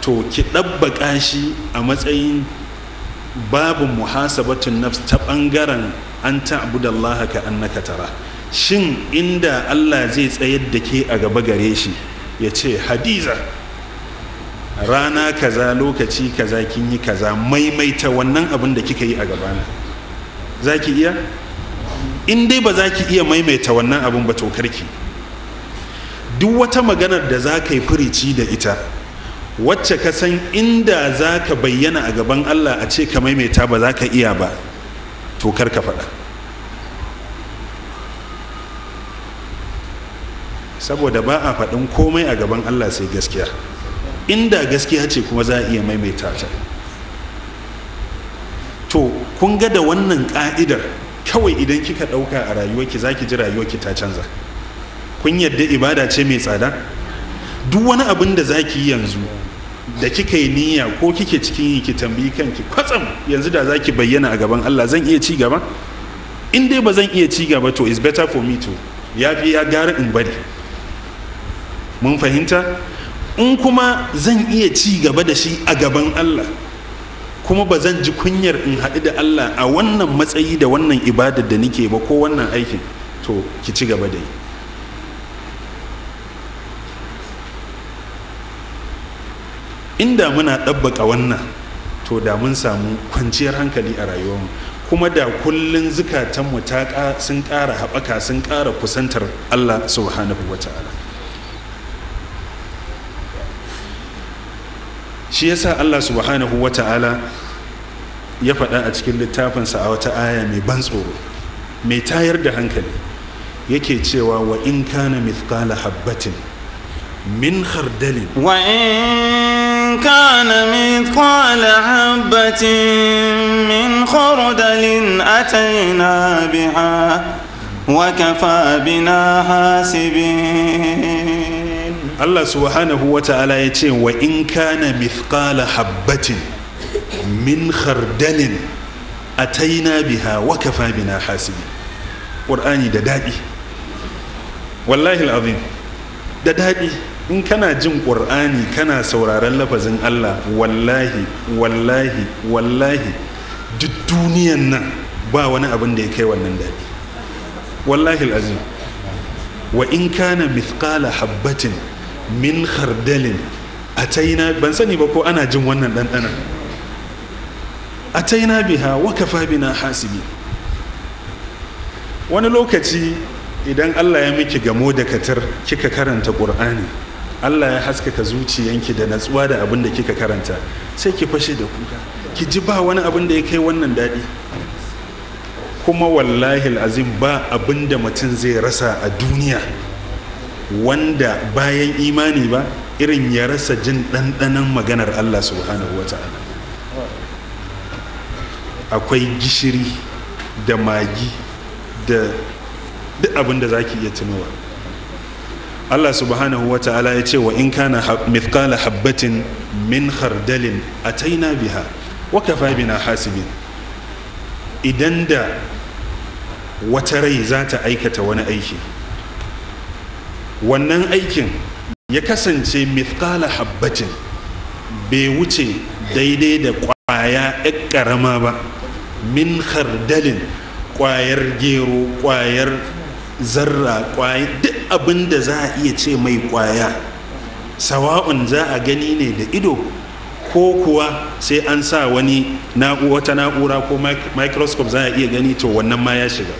to ki ɗabbaƙa shi a matsayin babu muhasabatun nafs ta ɓangaren an ta ta'budallaha ka annaka tara shin inda Allah zai tsayar da ke a gaba gare shi ya ce hadiza rana kaza lokaci kaza kin yi kaza maimaita wannan abin da kika yi a gabana za ki iya in dai ba za ki iya maimaita wannan abin ba tokar karki duk wata maganar da za ka yi firici da ita wacce ka san inda za ka bayyana a gaban Allah a ce ka maimaita ba za ka iya ba to ka faɗa saboda ba a faɗin komai a gaban Allah sai gaskiya inda gaskiya ce kuma za a iya maimaita ta to kun ga da wannan ƙa'idar kawai idan kika ɗauka a rayuwarki za ki ji rayuwarki ta canza kun yadda ibada ce mai tsada duk wani abin da za ki yi yanzu da kika yi niyya ko kike cikin yi ki tambayi kanki kwatsam yanzu da za ki bayyana a gaban Allah zan iya ci gaba in dai ba zan iya ci gaba to is better for me to ya fi ya gara in bari mun fahimta in kuma zan iya ci gaba da shi a gaban Allah kuma ba zan ji kunyar in haɗu da Allah a wannan matsayi da wannan ibadar da nike ba ko wannan aikin to ki ci gaba da yi inda muna ɗabbaƙa wannan to da mun samu kwanciyar hankali a rayuwarmu kuma da kullun zukatanmu ta sun ƙara haɓaka sun ƙara kusantar Allah subhanahu wa ta'ala shi ya sa Allah subhanahu wa ta'ala ya faɗa a cikin littafinsa a wata aya mai ban tsoro mai tayar da hankali yake cewa wa in kana mithqala habbatin min khardalin wa in kana mithqala habbatin min khardalin atayna biha wa kafa bina hasibin Allah subhanahu wa ta'ala ya ce wa in kana mithqala habbatin min khardalin ataina biha wa kafa bina hasibi ƙur'ani da daɗi wallahi al'azim da daɗi in kana jin ƙur'ani kana sauraron lafazin Allah wallahi wallahi wallahi duk duniyan nan ba wani abin da ya kai wannan daɗi wallahi al'azim wa in kana mithqala habbatin min khardalin na ban sani ba ko ana jin wannan ɗanɗanan ataina biha wa kafa bina hasibi wani lokaci idan Allah ya miki gamo da katar kika karanta ƙur'ani Allah ya haskaka zuciyanki da natsuwa da abin da kika karanta sai ki fashe da kuka ki ji ba wani abin da ya kai wannan daɗi kuma wallahi azim ba abin da mutum zai rasa a duniya wanda bayan imani ba irin ya rasa jin ɗanɗanon maganar Allah subhanahu wa ta'ala akwai gishiri da magi da duk abin da za ki iya tunawa Allah subhanahu wa ta'ala ya ce wa in kana mithqala habbatin min khardalin ataina biha wa kafa bina hasibin idan da wata rai za ta aikata wani aiki wannan aikin ya kasance mithqala habbatin bai wuce daidai da kwaya ƴar ƙarama ba min khardalin kwayar gero kwayar zarra kwaya duk abin da za a iya ce mai kwaya sawa'un za a gani ne da ido ko kuwa sai an sa wani wata na'ura ko microscope za a iya gani to wannan ma ya shiga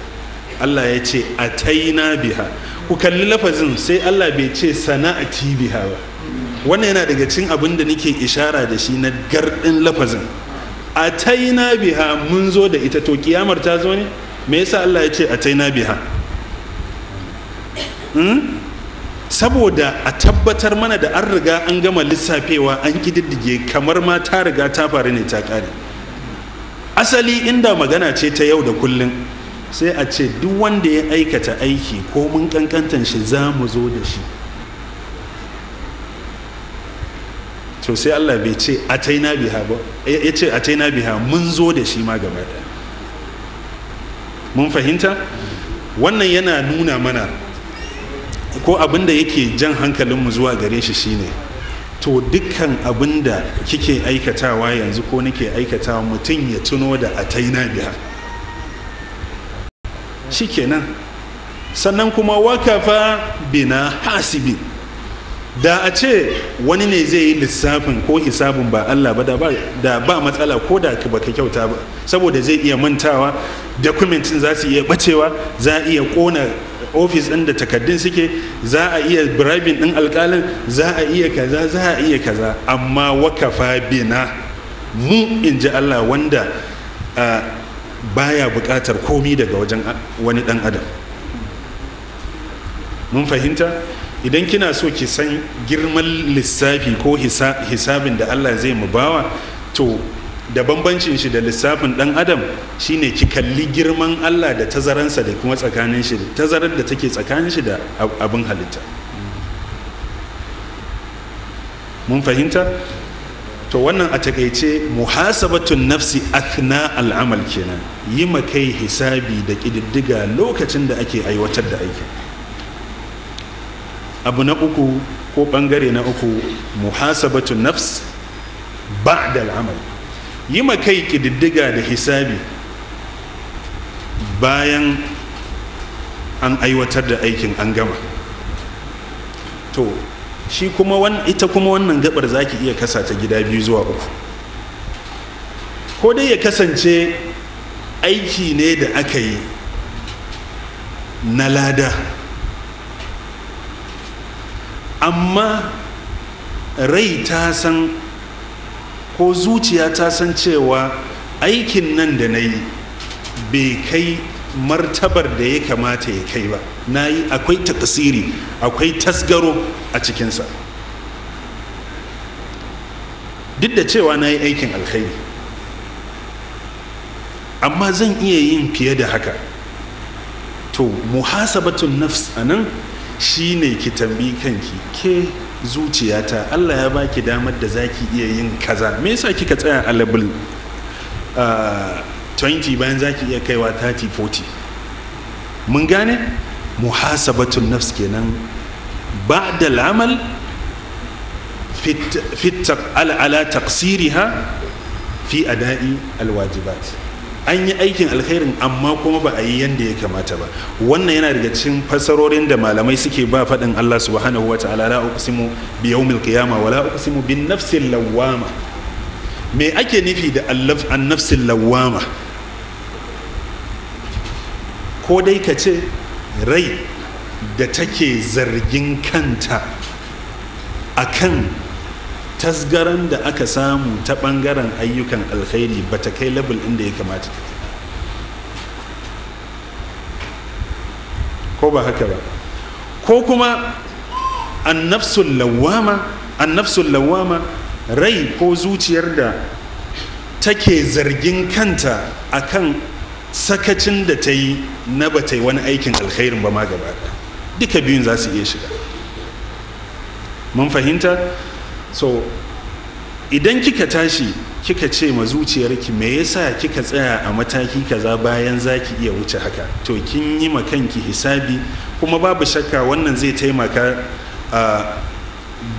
allah ya ce a taina biha ku kalli lafazin sai Allah bai ce sana'ati biha ba wannan yana daga cin abin da nake ishara da shi na gardin lafazin a taina biha mun zo da ita to kiyamar ta zo ne me yasa Allah ya ce a taina biha hmm? saboda a tabbatar mana da an riga an gama lissafewa an kididdige kamar ma ta riga ta faru ne ta kare asali inda magana ce ta yau da kullun. sai a ce duk wanda ya aikata aiki ko mun kankantan shi za mu zo da shi to sai Allah bai ce a taina biha ba ya ce a taina biha mun zo da shi ma gaba mun fahimta wannan yana nuna mana ko abinda yake jan hankalinmu zuwa gare shi shine to dukkan abinda kike aikatawa yanzu ko nake aikatawa mutum ya tuno da a taina biha shikenan sannan kuma wakafa bina hasibi da a ce wani ne zai yi lissafin ko hisabin ba Allah ba da ba matsala ko da ba ka kyauta ba saboda zai iya mantawa dokumentin za su iya bacewa za a iya kona ofis ɗin da takaddun suke za a iya birabin ɗin alƙalin za a iya kaza za a iya kaza amma wakafa bina mu in ji Allah wanda ah, baya buƙatar komi daga wajen wani ɗan adam mun fahimta idan kina so ki san girman lissafi ko hisabin da allah zai mu bawa to da bambancin shi da lissafin ɗan adam shine ki kalli girman allah da tazaransa da kuma tsakanin shi tazarar da take tsakanin shi da abin halitta mun fahimta to wannan a takaice muhasabatun nafsi athna al'amal kenan yi kai hisabi da ƙididdiga lokacin da ake aiwatar da aiki abu na uku ko ɓangare na uku muhasabatun nafs ba da al'amal yi kai ƙididdiga da hisabi bayan an aiwatar da aikin an gama to shi kuma ita kuma wannan gabar za ki iya kasa ta gida biyu zuwa uku ko dai ya kasance aiki ne da aka yi na lada amma rai ta san ko zuciya ta san cewa aikin nan da na yi bai kai martabar da ya kamata ya kai ba na yi akwai takasiri akwai tasgaro a cikinsa duk da cewa na yi aikin alkhairi amma zan iya yin fiye da haka to muhasabatun nafs a nan shi ne ki tambi kanki ke zuciyata allah ya baki damar da zaki iya yin kaza me yasa kika tsaya a labul 20 bayan zaki iya kaiwa 30 40 mun gane muhasabatun nafs kenan ba'da al'amal fi ala taqsiriha fi ada'i alwajibat an yi aikin alkhairin amma kuma ba a yi yadda ya kamata ba wannan yana daga cikin fasarorin da malamai suke ba faɗin Allah subhanahu wa ta'ala la uqsimu bi yawmil qiyama wa la uqsimu bin nafsil lawwama me ake nufi da an nafsin lawwama ko dai ka ce rai da take zargin kanta a kan tasgaran da aka samu ta bangaren ayyukan alkhairi ba ta kai labul inda ya kamata ko ba haka ba ko kuma annafsul lawama lawama rai ko zuciyar da take zargin kanta akan sakacin da ta yi na ba ta yi wani aikin alkhairin ba ma gaba duka biyun za su iya shiga mun fahimta so idan kika tashi kika ce ma zuciyarki me yasa kika tsaya a mataki kaza bayan zaki iya wuce haka to kin yi ma kanki hisabi kuma babu shakka wannan zai taimaka a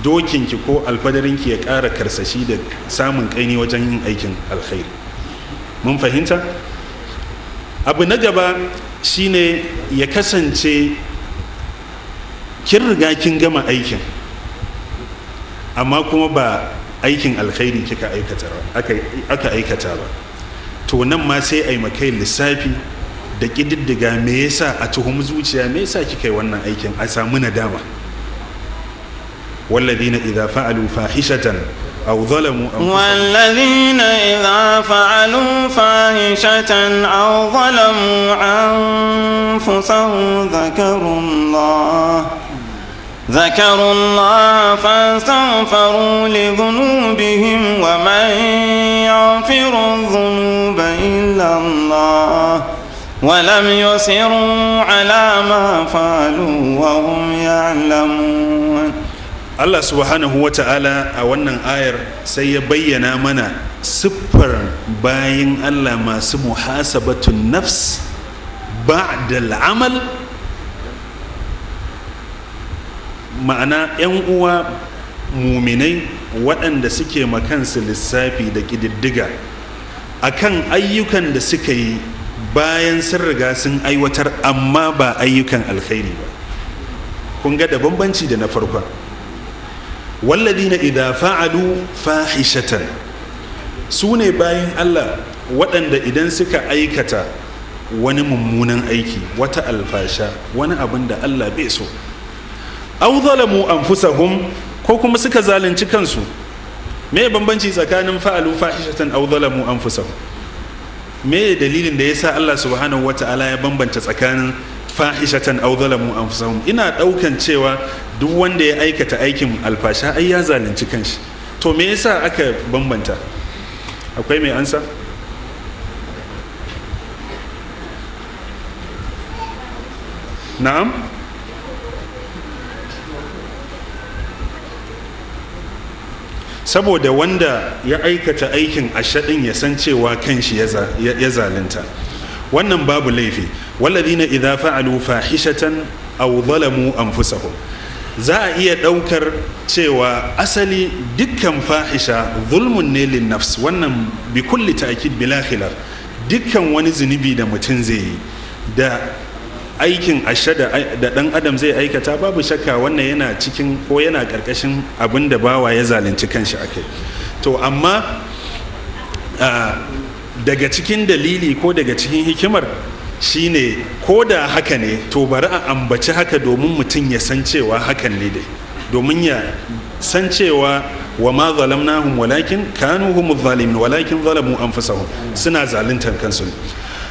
dokinki ko alfadarinki ya ƙara karsashi da samun ƙaini wajen yin aikin alkhairi mun fahimta abu na gaba shine ya kasance kin riga kin gama aikin amma kuma ba aikin alkhairi kika aikata ba aka aikata ba to nan ma sai ai yi makai lissafi da ƙididdiga me yasa a tuhum zuciya me yasa kika yi wannan aikin a samu nadama wallazina idza fa'alu fahishatan. أو ظلموا أنفسهم والذين إذا فعلوا فاحشة أو ظلموا أنفسهم ذكروا الله ذكروا الله فاستغفروا لذنوبهم ومن يغفر الذنوب إلا الله ولم يصروا على ما فعلوا وهم يعلمون Allah subhanahu wa ta'ala a wannan ayar sai ya bayyana mana siffar bayan Allah masu muhasabatun nafs ba'da al'amal ma'ana 'yan uwa muminai waɗanda suke makansu lissafi da ƙididdiga akan ayyukan da suka yi bayan sun riga sun aiwatar amma ba ayyukan alkhairi ba kun ga da bambanci da na farkon والذين fa'adu fahishatan su ne باين Allah waɗanda idan suka aikata wani mummunan aiki wata alfasha wani abin da Allah bai so au zalamu anfusahum ko kuma suka zalunci kansu me bambanci tsakanin fa'alu fahishatan au zalamu anfusahum me dalilin da ya sa Allah subhanahu ala ya bambanta tsakanin fahishatan aw zalamu anfusahum ina daukan cewa duk wanda ya aikata aikin alfasha ai ya zalunci kanshi to me yasa aka bambanta akwai mai ansa na'am saboda wanda ya aikata aikin ashaɗin ya san cewa kanshi ya zalunta wannan babu laifi na idza fa'alu fahishatan aw zalamu anfusahum za a iya ɗaukar cewa asali dukkan fahisha zulmun ne lin nafs wannan bi kulli ta'kid bila khilaf dukkan wani zunubi da mutum zai yi da aikin ashada da dan adam zai aikata babu shakka wannan yana cikin ko yana karkashin abin da bawa ya zalunci kanshi akai to amma ah, daga cikin dalili ko daga cikin hikimar shine ko da haka ne to bari a ambaci haka domin mutum ya san cewa hakan ne dai domin ya san cewa wa ma zalamnahum walakin kanu humu zalimin walakin zalamu anfusahum suna zaluntar kansu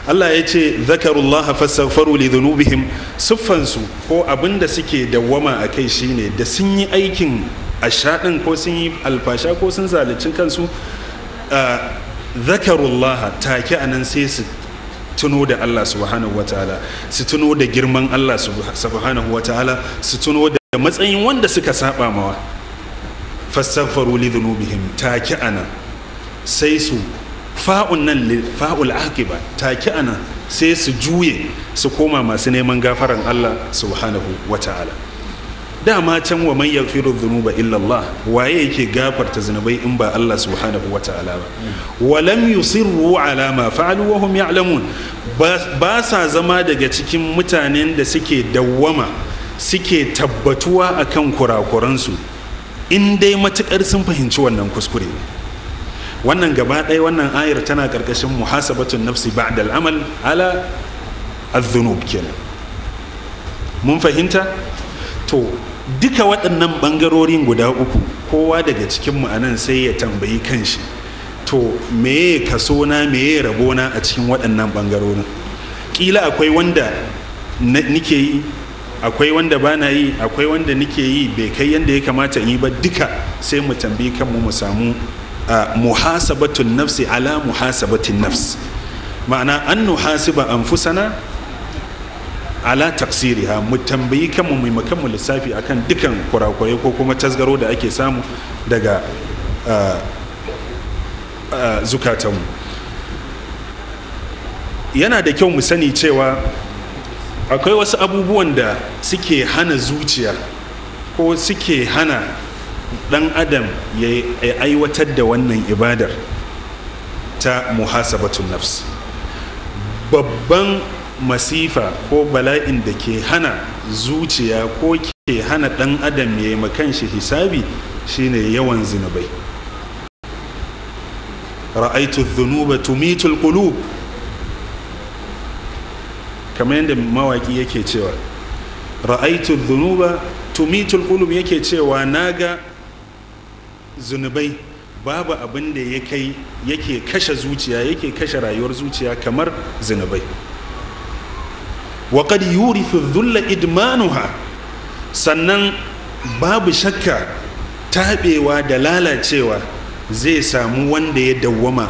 Allah ya ce zakarullah fastaghfaru li dhunubihim siffan su ko abinda suke dawwama akai shine da sun yi aikin ashaɗin ko sun yi alfasha ko sun zalunci kansu ah, zakarullaha a nan sai su tuno da Allah subhanahu wataala su tuno da girman Allah subhanahu wataala su tuno da matsayin wanda suka saba mawa fastaghfaru li dhunubihim a nan sai su fa'un nan fa'ul aqiba a nan sai su juye su koma masu neman gafaran Allah subhanahu wataala dama can wa man yaghfiru dhunuba illa Allah waye yake gafarta zunubai in ba Allah subhanahu wata'ala ba wa lam yusirru ala ma fa'alu wa hum ya'lamun ba sa zama daga cikin mutanen da suke dawwama suke tabbatuwa akan kurakuransu in dai matukar sun fahimci wannan kuskure wannan gaba ɗaya wannan ayar tana karkashin muhasabatun nafsi ba'da al'amal ala adh-dhunub kenan mun fahimta to duka waɗannan ɓangarorin guda uku kowa daga cikin nan sai ya tambayi kanshi to meye kaso na meye na a cikin waɗannan ɓangarorin ƙila akwai wanda nike yi akwai wanda ba na yi akwai wanda nike yi bai kai yadda ya kamata yi ba duka sai mu tambayi kanmu mu samu a muhasabatun nafsi ala muhasabatin nafsi ma'ana an nuhasiba anfusana ala taksiriha mu tambayi kanmu mu makanmu lissafi akan dukan kurakurai ko kuma tasgaro da ake samu daga ah, ah, zukatanmu yana da kyau mu sani cewa akwai wasu abubuwan da suke hana zuciya ko suke hana dan adam ya aiwatar da wannan ibadar ta muhasabatun nafs babban masifa ko bala'in da ke hana zuciya ko ke hana ɗan adam ya yi shi hisabi shine yawan zinubai ra'aitu zunuba tumitul qulub kamar yadda mawaki yake cewa ra'aitu zunuba tumitul qulub yake cewa naga zunubai babu abin da ya kai yake kashe zuciya yake kashe rayuwar zuciya kamar zinubai wa qad yurithu dhulla idmanuha sannan babu shakka taɓewa da lalacewa zai samu wanda ya dawwama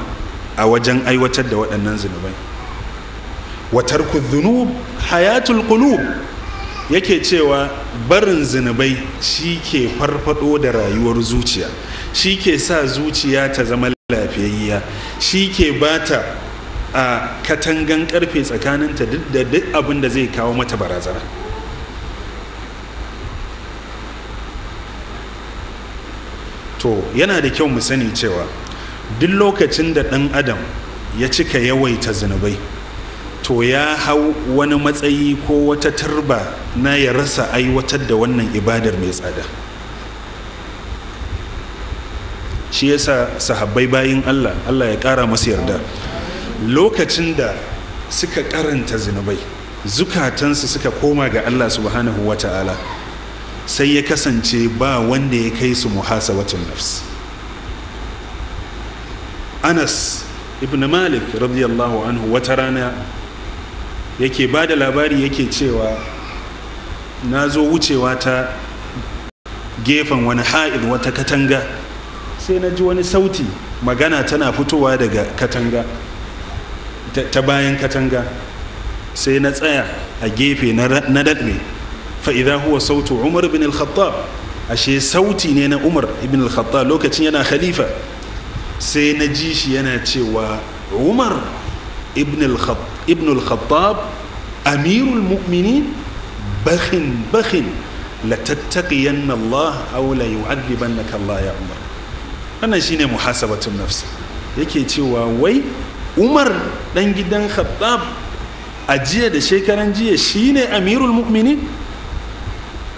a wajen aiwatar da waɗannan zunubai wa tarku dhunub hayatul qulub yake cewa barin zunubai shi ke farfado da rayuwar zuciya shi ke sa zuciya ta zama lafiyayya shi ke bata a katangan karfe tsakaninta da duk abin da zai kawo mata barazana to yana da kyau mu sani cewa duk lokacin da ɗan adam ya cika yawaita zunubai to ya hau wani matsayi ko wata turba na ya rasa aiwatar da wannan ibadar mai tsada shi yasa sahabbai bayin allah allah ya ƙara masu yarda lokacin da suka karanta zinubai zukatansu suka koma ga Allah subhanahu wa ta'ala sai ya kasance ba wanda ya kai su muhasa watan nafs anas ibn malik radiyallahu anhu wata rana yake ba da labari yake cewa na zo wucewa ta gefen wani ha'il wata katanga sai na ji wani sauti magana tana fitowa daga katanga ta bayan katanga sai na tsaya a gefe na daɗe fa'iza huwa sautu umar ibn al-khattab ashe sauti ne na umar ibn al-khattab lokacin yana khalifa sai na ji shi yana cewa umar ibn al-khattab amirul mu'mini bakhin bakhin la tattaqiyanna Allah aw la yu'adhibannaka Allah ya umar wannan shine muhasabatun nafsi yake cewa wai umar dan gidan khattab a jiya da shekaran jiya shine amirul mu'minin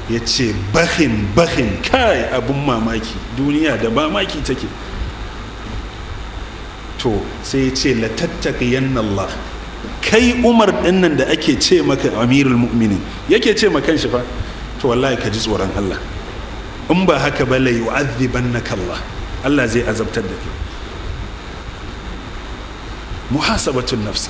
ya ce bahin bahin kai abun mamaki duniya da mamaki take to sai ya ce latattaqiyanna Allah kai umar dinnan da ake ce maka amirul mu'minin yake ce maka shi fa to wallahi ka ji tsoron Allah in ba haka ba la yu'adhibannaka Allah Allah zai azabtar da kai muhasabatun nafsi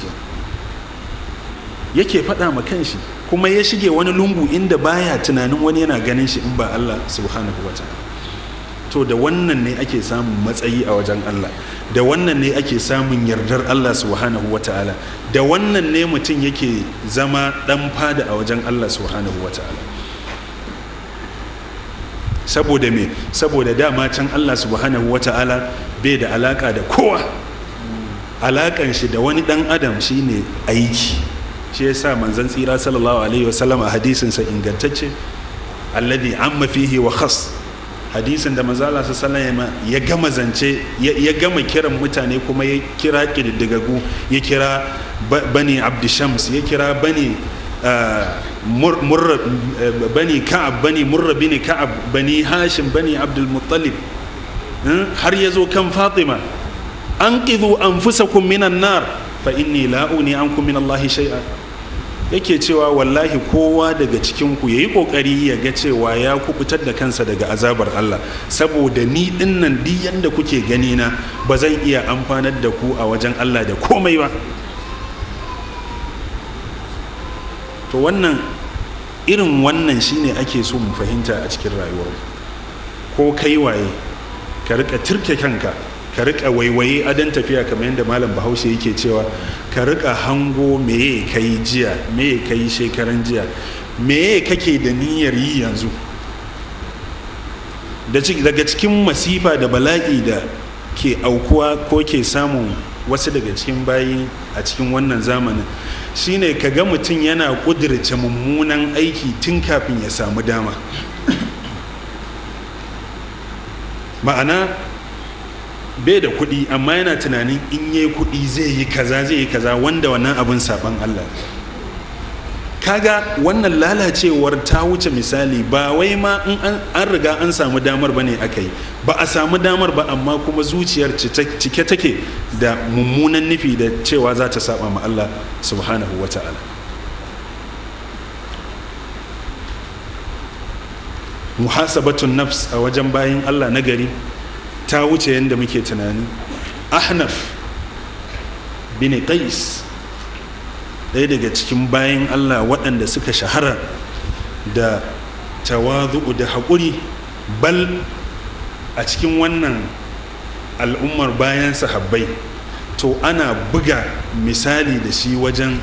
yake faɗa ma kanshi kuma ya shige wani lungu inda baya tunanin wani yana ganin shi in ba Allah subhanahu wa ta'ala to da wannan ne ake samun matsayi a wajen Allah da wannan ne ake samun yardar Allah subhanahu wa ta'ala da wannan ne mutum yake zama dan fada a wajen Allah subhanahu wa ta'ala saboda me saboda dama can Allah subhanahu wa ta'ala bai da alaka da kowa alakan shi da wani dan adam shine aiki shi yasa manzon tsira sallallahu alaihi wasallam a hadisin sa ingantacce alladhi amma fihi wa khas hadisin da manzo Allah sallallahu ya gama zance ya gama kiran mutane kuma ya kira kididdigagu ya kira bani abdishams ya kira bani bani ka'ab bani murra bani ka'ab bani hashim bani abdul muttalib eh, har ya zo kan fatima anqidhu anfusakum minan nar fa inni la uni ankum min Allah shay'a yake cewa wallahi kowa daga cikin ku yayi kokari ya ga cewa ya kubutar da kansa daga azabar Allah saboda ni dinnan diyan yanda kuke gani na ba zan iya amfanar da ku a wajen Allah da komai ba to wannan irin wannan shine ake so mu fahimta a cikin rayuwar ko kai waye ka rika turke kanka ka rika waiwaye adon tafiya kamar yadda malam bahaushe yake cewa ka rika hango meye ka yi jiya meye ka yi shekaran jiya meye kake da niyyar yi yanzu daga cikin masifa da bala'i da ke aukuwa ko ke samun wasu daga cikin bayi a cikin wannan zamanin shine ka ga mutum yana ƙudirce mummunan aiki tun kafin ya samu dama ma'ana bai da kuɗi amma yana tunanin in yi kuɗi zai yi kaza zai yi kaza wanda wannan abin saban Allah kaga wannan lalacewar ta wuce misali ba wai ma in an riga an samu damar ba ne aka yi ba a samu damar ba amma kuma zuciyar cike take da mummunan nufi da cewa za ta saba ma Allah subhanahu wa ta'ala muhasabatun nafs a wajen bayan Allah na gari ta wuce yadda muke tunani ahnaf bin qais ɗaya daga cikin bayan allah waɗanda suka shahara da tawazu'u da haƙuri bal a cikin wannan al'ummar bayan sahabbai to ana buga misali da shi wajen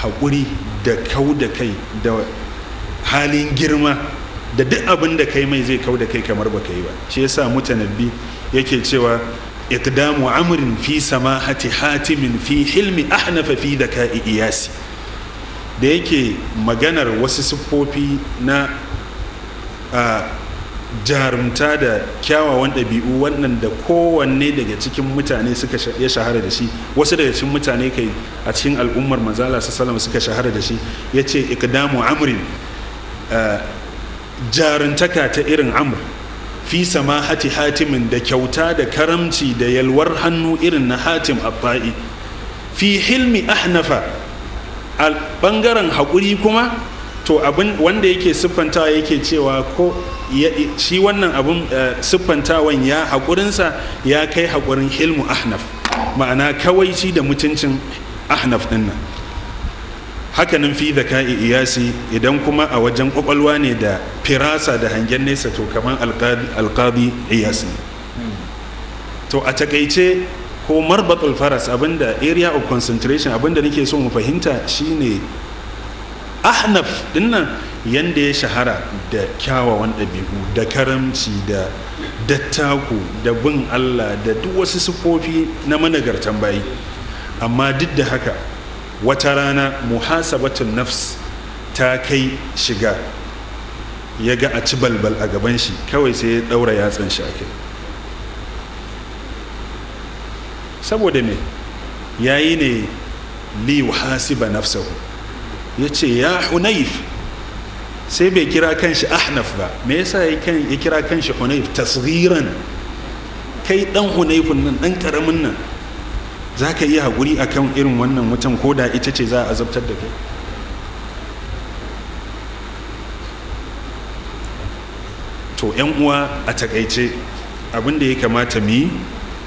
haƙuri da kau da kai da halin girma da duk abin da kai mai zai kau da kai kamar baka yi ba shi yasa mutanabbi yake cewa iqdamu amrin fi samahati hatimin fi hilmi ahnafa fi da iyasi da yake maganar wasu siffofi na jarumta da kyawawan ɗabi'u wannan da kowanne daga cikin mutane suka ya shahara da shi wasu daga cikin mutane kai a cikin al'ummar manzala salama suka shahara da shi ya ce ikdamu amrin jaruntaka ta irin Amur. fi hati hatimin da kyauta da karamci da yalwar hannu irin na hatim abba'i fi hilmi ahnafa a bangaren haƙuri kuma to abin wanda yake siffantawa yake cewa ko shi wannan abin eh, siffantawan ya haƙurinsa ya kai haƙurin hilmi ahnaf ma'ana kawai kawaici da mutuncin ahnaf ɗin hakanan fi zaka iyasi idan kuma a wajen kwakwalwa ne da firasa da hangen nesa to kamar alqadi iyasi to a takaice ko marbatul faras abinda area of concentration abinda nake so mu fahimta shine ahnaf dinnan yanda ya shahara da kyawawan ɗabi'u da karamci da dattaku da bin allah da duk wasu siffofi na managartan bayi amma duk da haka wata rana muhasabatun nafs ta kai shiga ya ga a ci balbal a gaban shi kawai sai ya ɗaura yatsan shi ake, saboda me yi ne li hasiba nafsahu ya ce ya hunayif sai bai kira kan shi ahnaf ba me yasa ya kira kan shi hunayif tasghiran kai dan hunayfun nan dan karamin nan za ka iya haƙuri a kan irin wannan wutan ko da ita ce za a azabtar da kai to yan uwa a takaice abinda ya kamata mu yi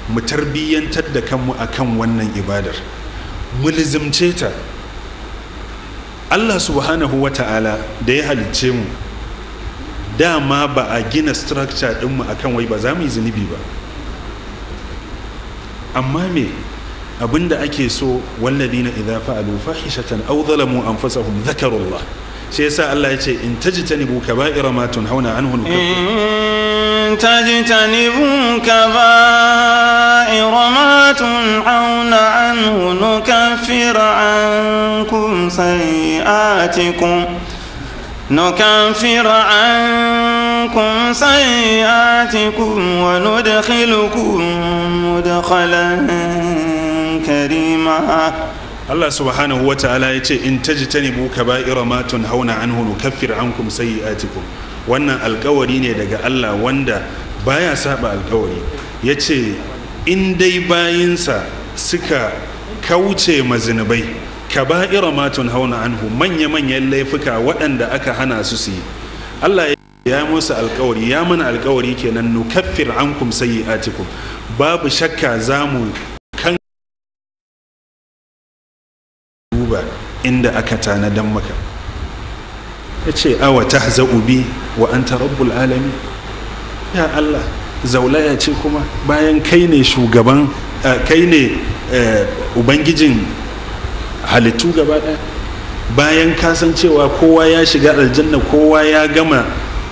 mu tarbiyyantar da kanmu a kan wannan ibadar mu lizimce ta allah subhanahu wa ta'ala da ya halicce mu dama ba a gina structure ɗinmu a kan wai ba za mu yi zunubi ba amma me abinda ake so walladina idza fa'alu fahishatan aw zalamu anfusahum dhakarullah sai yasa Allah yace in tajtanibu kaba'ira ma tunhauna anhu in tajtanibu kaba'ira ma tunhauna anhu nukaffir ankum sayi'atikum نكفر عنكم سيئاتكم وندخلكم مدخلا Allah subhanahu wa ta'ala ya ce in ta tajtanibu kaba'ira ma tunhauna anhu nukaffir ankum sayyi'atikum wannan alkawari ne daga Allah wanda baya saba alkawari yace in dai bayinsa suka kauce mazinubai kaba'ira ma hauna anhu manya manyan laifuka waɗanda aka hana su su yi Allah ya musu alkawari ya mana alkawari kenan nukaffir sayi atiku babu shakka zamu duba inda aka tanadan maka ya ce awa ta za'ubi wa an rabbul alami ya Allah zaulaya ce kuma bayan kai ne shugaban eh, kai ne eh, ubangijin halittu gaba ɗaya bayan kasancewa kowa ya shiga aljanna kowa ya gama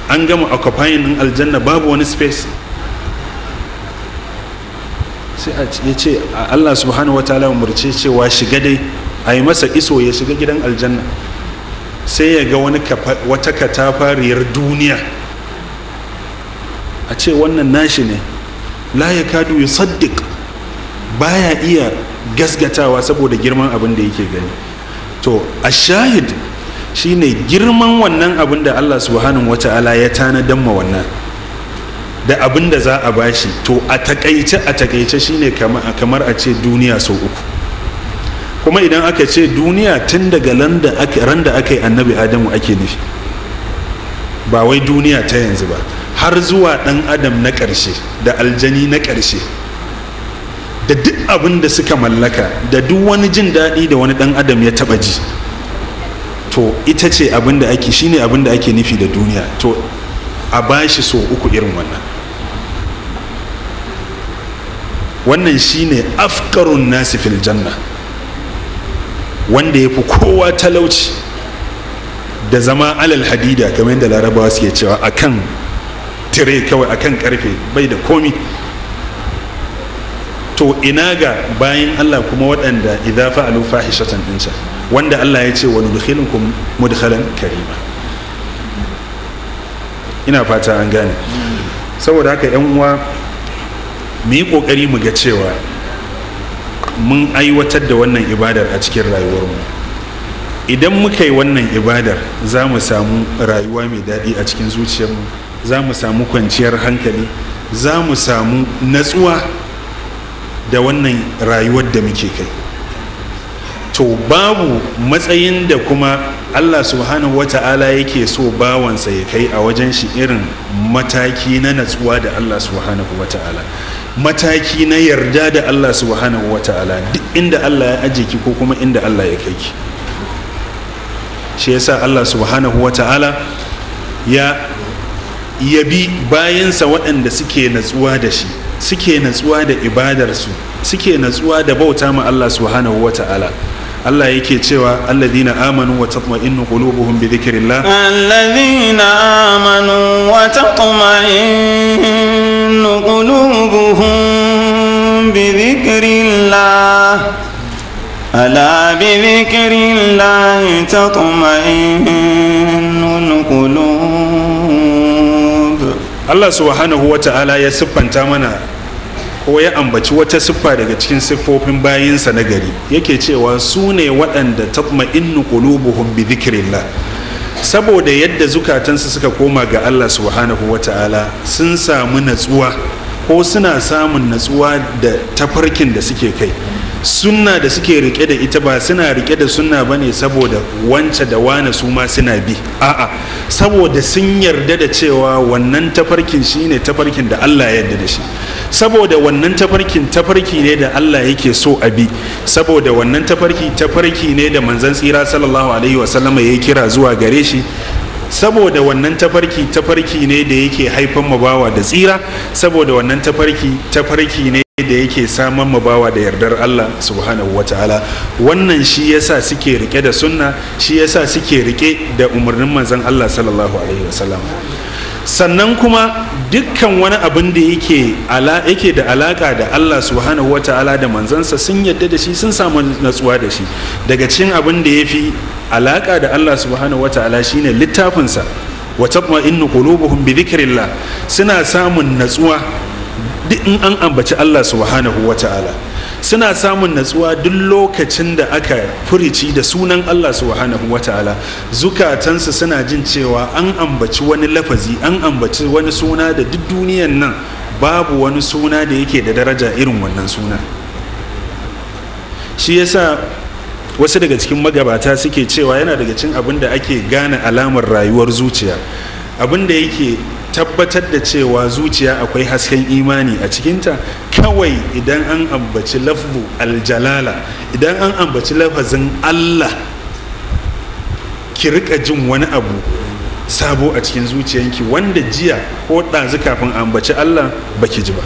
an gama occupying din aljanna babu wani space sai a ce allah subhanahu wa ta'ala cewa shiga dai a yi masa iso ya shiga gidan aljanna sai ya ga wani wata katafariyar duniya a ce wannan nashi ne la ya kadu ya saddiq baya iya gasgatawa saboda girman abin da yake gani to a shahid shine girman wannan abin da Allah subhanahu ta'ala ya tanadan ma wannan da abin da za a bashi to a takaice a takaice ne kamar a ce duniya sau uku kuma idan aka ce duniya tun daga ran da aka yi annabi adamu ake nufi ba wai duniya ta yanzu ba har zuwa ɗan adam na ƙarshe da aljani na ƙarshe da duk abin da suka mallaka da duk wani jin daɗi da wani dan adam ya taɓa ji to ita ce abin da ake ne abin da ake nufi da duniya to a bashi so uku irin wannan wannan shi ne afkarun na janna wanda ya fi kowa talauci da zama alal hadida kamar yadda larabawa suke cewa akan tire kawai akan karfe bai da komi to ina ga bayan Allah kuma waɗanda idza fa'alu fahishatan dinsa wanda Allah ya ce wani wa nudkhilukum mudhalan karima ina fata an gane saboda haka yan uwa mu yi kokari mu ga cewa mun aiwatar da wannan ibadar a cikin rayuwar mu idan muka yi wannan ibadar za mu samu rayuwa mai daɗi a cikin zuciyarmu za mu samu kwanciyar hankali za mu samu natsuwa da wannan rayuwar da muke kai to babu matsayin da kuma allah subhanahu wata'ala yake so bawansa ya kai a wajen shi irin mataki na natsuwa da allah subhanahu wata'ala ta'ala mataki na yarda da Allah subhanahu wa ta'ala duk inda Allah ya aje ki ko kuma inda Allah ya kai ki shi yasa Allah subhanahu wa ta'ala ya yabi bayansa waɗanda suke natsuwa da shi suke natsuwa da ibadarsu suke natsuwa da bauta ma Allah subhanahu wa ta'ala Allah yake cewa alladhina amanu wa tatma'innu qulubuhum bi dhikrillah alladhina amanu wa tatma'innu تطمئن قلوبهم بذكر الله ألا بذكر الله تطمئن القلوب الله سبحانه وتعالى يسبن تامنا ko ya ambaci wata siffa daga cikin siffofin bayinsa na gari yake cewa su ne waɗanda tatma'innu qulubuhum bi dhikrillah saboda yadda zukatansu suka koma ga Allah subhanahu wa ta'ala sun samu natsuwa ko suna samun natsuwa da tafarkin da suke kai sunna da suke rike da ita ba suna rike da sunna ba ne saboda wance da wane su ma suna bi a'a saboda sun yarda da cewa wannan tafarkin shi ne tafarkin da Allah yadda yarda da shi saboda wannan tafarkin tafarki ne da Allah yake so a bi saboda wannan tafarki tafarki ne da manzan tsira sallallahu alaihi wasallama ya kira zuwa gare shi saboda wannan tafarki tafarki ne da yake haifan mabawa da tsira saboda wannan tafarki tafarki ne da yake saman mabawa da yardar Allah subhanahu wa ta'ala wannan shi yasa suke rike da sunna shi yasa suke rike da umarnin manzon Allah sallallahu alaihi wasallam sannan kuma dukkan wani abin da yake yake da alaka da Allah subhanahu wa ta'ala da manzansa sun yadda da shi sun samu natsuwa da shi daga cikin abin da ya fi alaka da Allah subhanahu wa ta'ala shine littafinsa wa tatma'innu qulubuhum bi dhikrillah suna samun natsuwa duk in an ambaci Allah subhanahu wata'ala suna samun natsuwa duk lokacin da aka furici da sunan Allah subhanahu wata'ala zukatansu suna jin cewa an ambaci wani lafazi an ambaci wani suna da duk duniyan nan babu wani suna da yake da daraja irin wannan suna shi yasa wasu daga cikin magabata suke cewa yana daga cin abin da ake gane alamar rayuwar zuciya abin da yake tabbatar da cewa zuciya akwai hasken imani a cikinta kawai idan an ambaci lafbu aljalala idan an ambaci lafazin allah ki rika jin wani abu sabo a cikin zuciyanki wanda jiya ko ɗazu kafin ambaci allah baki ji ba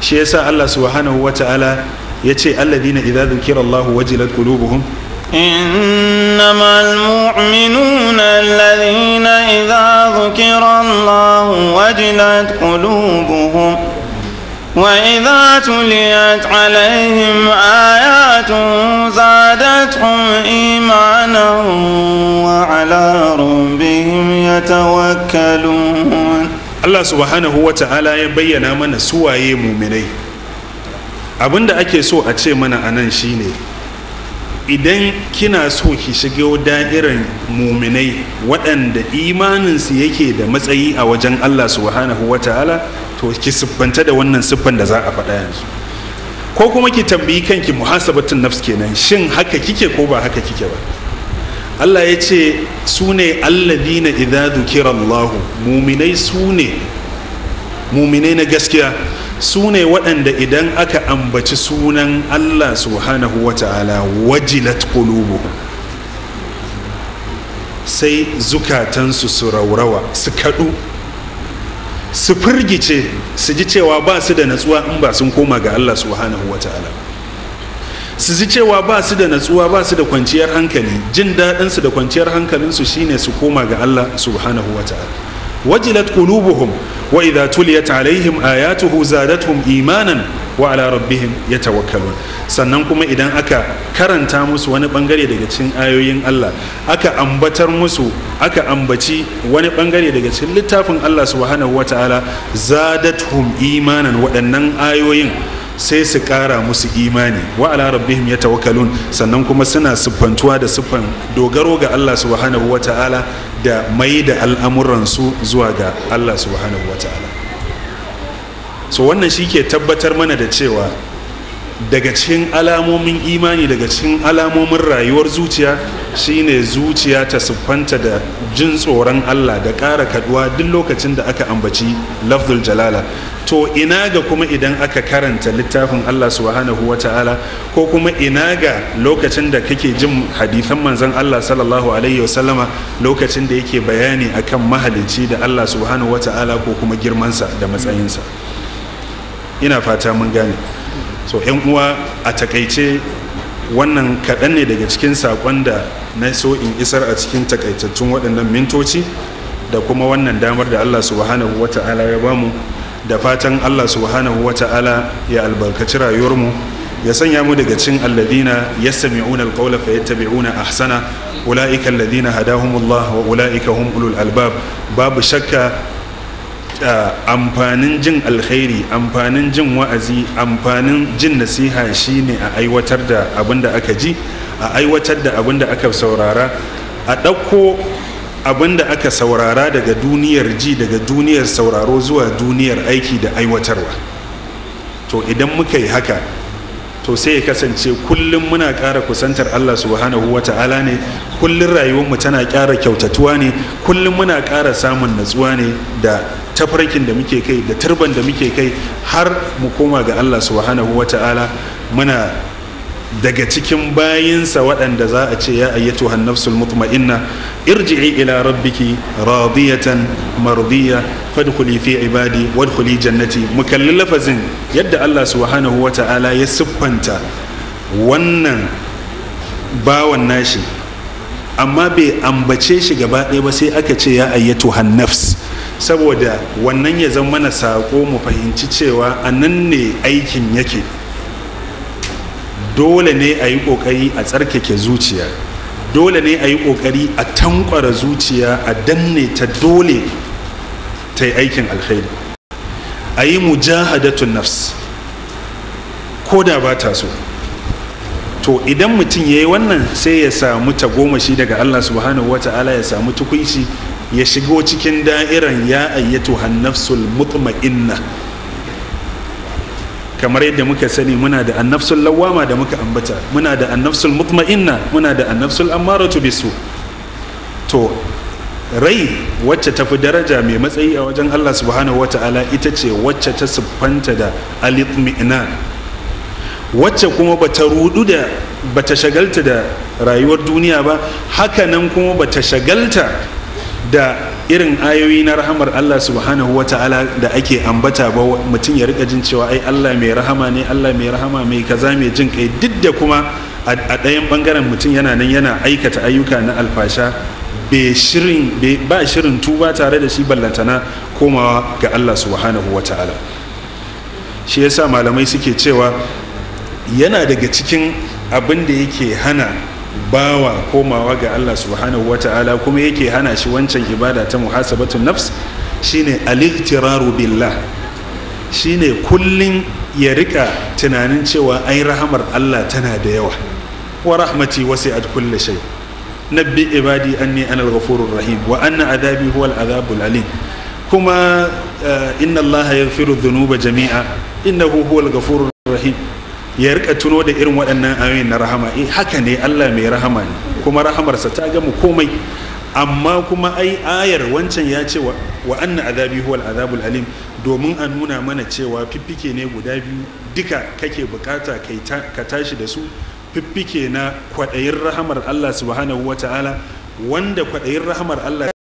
shi yasa allah subhanahu wa ta'ala ya ce alladina idza dhukira allahu wajilat qulubuhum إنما المؤمنون الذين إذا ذكر الله وجلت قلوبهم وإذا تليت عليهم آيات زادتهم إيمانا وعلى ربهم يتوكلون الله سبحانه وتعالى يبين من سوى mana suwaye muminai abinda ake so a ce mana shine idan kina so ki shiga da'irar muminai waɗanda imaninsu yake da matsayi a wajen Allah subhanahu wa ta'ala to ki siffanta da wannan siffan da za a faɗa yanzu ko kuma ki tambayi kanki muhasabatun nafs kenan shin haka kike ko ba haka kike ba Allah ya ce su ne allazina idza dhukira Allah muminai su ne muminai na gaskiya su ne waɗanda idan aka ambaci sunan allah subhanahu wa ta'ala wajilat kulubu sai zukatansu su raurawa su kaɗu su firgice su ji cewa ba su da natsuwa in ba sun koma ga allah subhanahu wa ta'ala su ji cewa ba su da natsuwa ba su da kwanciyar hankali jin daɗinsu da kwanciyar hankalinsu shine su koma ga allah subhanahu wa ta'ala wajilat qulubuhum wa idza tuliyat alaihim ayatuhu zadatuhum imanan wa ala rabbihim sannan kuma idan aka karanta musu wani bangare daga cikin ayoyin Allah aka ambatar musu aka ambaci wani bangare daga cikin littafin Allah subhanahu wataala zadatuhum imanan waɗannan ayoyin sai su kara musu imani wa ala rabbihim yatawakkalun sannan kuma suna siffantuwa da siffan dogaro ga Allah subhanahu wata'ala da mai da al'amuran su zuwa ga Allah subhanahu wata'ala so wannan shi ke tabbatar mana da cewa daga cikin alamomin imani daga cikin alamomin rayuwar zuciya shine zuciya ta siffanta da jin tsoron Allah da ƙara kaduwa duk lokacin da aka ambaci lafzul jalala to ina ga kuma idan aka karanta littafin Allah subhanahu ta'ala, ko kuma ina ga lokacin da kake jin hadithan manzon Allah sallallahu alaihi wasallama lokacin da yake bayani akan mahalicci da Allah subhanahu ta'ala ko kuma girmansa da matsayinsa ina fata mun gane so yan uwa a takaice wannan kaɗan ne daga cikin saƙon da na so in isar a cikin takaitattun waɗannan mintoci da kuma wannan damar da allah subhanahu wa ta'ala ya bamu da fatan allah subhanahu wa ta'ala ya albarkaci rayuwarmu ya sanya mu daga cin alladina yastami'una alqawla fayattabi'una ahsana ulaika alladina hadahumullah wa ulaika hum ulul albab babu shakka Eh, amfanin jin alkhairi amfanin jin wa'azi amfanin jin nasiha shine a aiwatar da abin da aka ji a aiwatar da abin da aka saurara a ɗauko abin da aka saurara daga duniyar ji daga duniyar sauraro zuwa duniyar aiki da aiwatarwa to idan muka yi haka to sai ya kasance kullum muna ƙara kusantar Allah subhanahu wa ta'ala ne kullum rayuwarmu tana ƙara kyautatuwa ne kullum muna ƙara samun natsuwa ne da tafarkin da muke kai da turban da muke kai har mu koma ga Allah subhanahu wa ta'ala muna daga cikin bayinsa waɗanda za a ce ya ayyatu hannafsul mutma'inna irji'i ila rabbiki radiyatan mardiya fadkhuli fi ibadi wadkhuli jannati mu kalli lafazin yadda Allah subhanahu wata'ala ya siffanta wannan bawan nashi amma bai ambace shi gaba ɗaya ba sai aka ce ya ayyatu hannafs saboda wannan ya zama mana sako mu fahimci cewa a nan ne aikin yake dole ne a yi ƙoƙari a tsarkake zuciya dole ne a yi ƙoƙari a tankwara zuciya a danne ta dole ta yi aikin alkhairi a yi mujahadatun nafs ko da ba ta so to idan mutum ya yi wannan sai ya samu ta goma tagomashi daga allah subhanahu wata'ala ya samu tukunci ya shigo cikin da'iran ya ayyatu hannafsul mutma'inna kamar yadda muka sani muna da annafsul lawama da muka ambata muna da annafsul mutma'inna muna da annafsul ammaratu bisu to rai wacce tafi daraja mai matsayi a wajen Allah subhanahu wata'ala ita ce wacce ta siffanta da alitmi'nan wacce kuma bata rudu da bata shagalta da rayuwar duniya ba hakanan kuma bata shagalta da irin ayoyi na rahamar Allah subhanahu wa ta'ala da ake ambata ba mutum ya rika jin cewa ai Allah mai rahama ne Allah mai rahama mai kaza mai jin kai duk da kuma a ɗayan ɓangaren mutum yana nan yana aikata ayyuka na alfasha ba shirin tuba tare da shi ballantana komawa ga Allah subhanahu wa ta'ala shi yasa malamai suke cewa yana daga cikin abin da yake hana bawa komawa ga Allah subhanahu wata'ala kuma yake hana shi wancan ibada ta muhasabatun nafs shine al-ihtiraru billah shine kullun ya rika tunanin cewa ai rahamar Allah tana da yawa wa rahmati wasi'at kulli shay nabbi ibadi anni ana al-ghafurur rahim wa anna adabi huwa al-adhabul alim kuma eh, inna Allah yaghfiru dhunuba jami'a innahu huwa ghafurur rahim ya rika tuno da irin waɗannan ayoyin na rahama eh haka ne Allah mai rahama ne kuma rahamarsa ta gama komai amma kuma ai ayar wancan ya ce wa anna azabi huwal azabul alim domin a nuna mana cewa fiffike ne guda biyu duka kake bukata ka tashi da su fiffike na kwaɗayin rahamar Allah subhanahu wa ta'ala wanda kwaɗayin rahamar Allah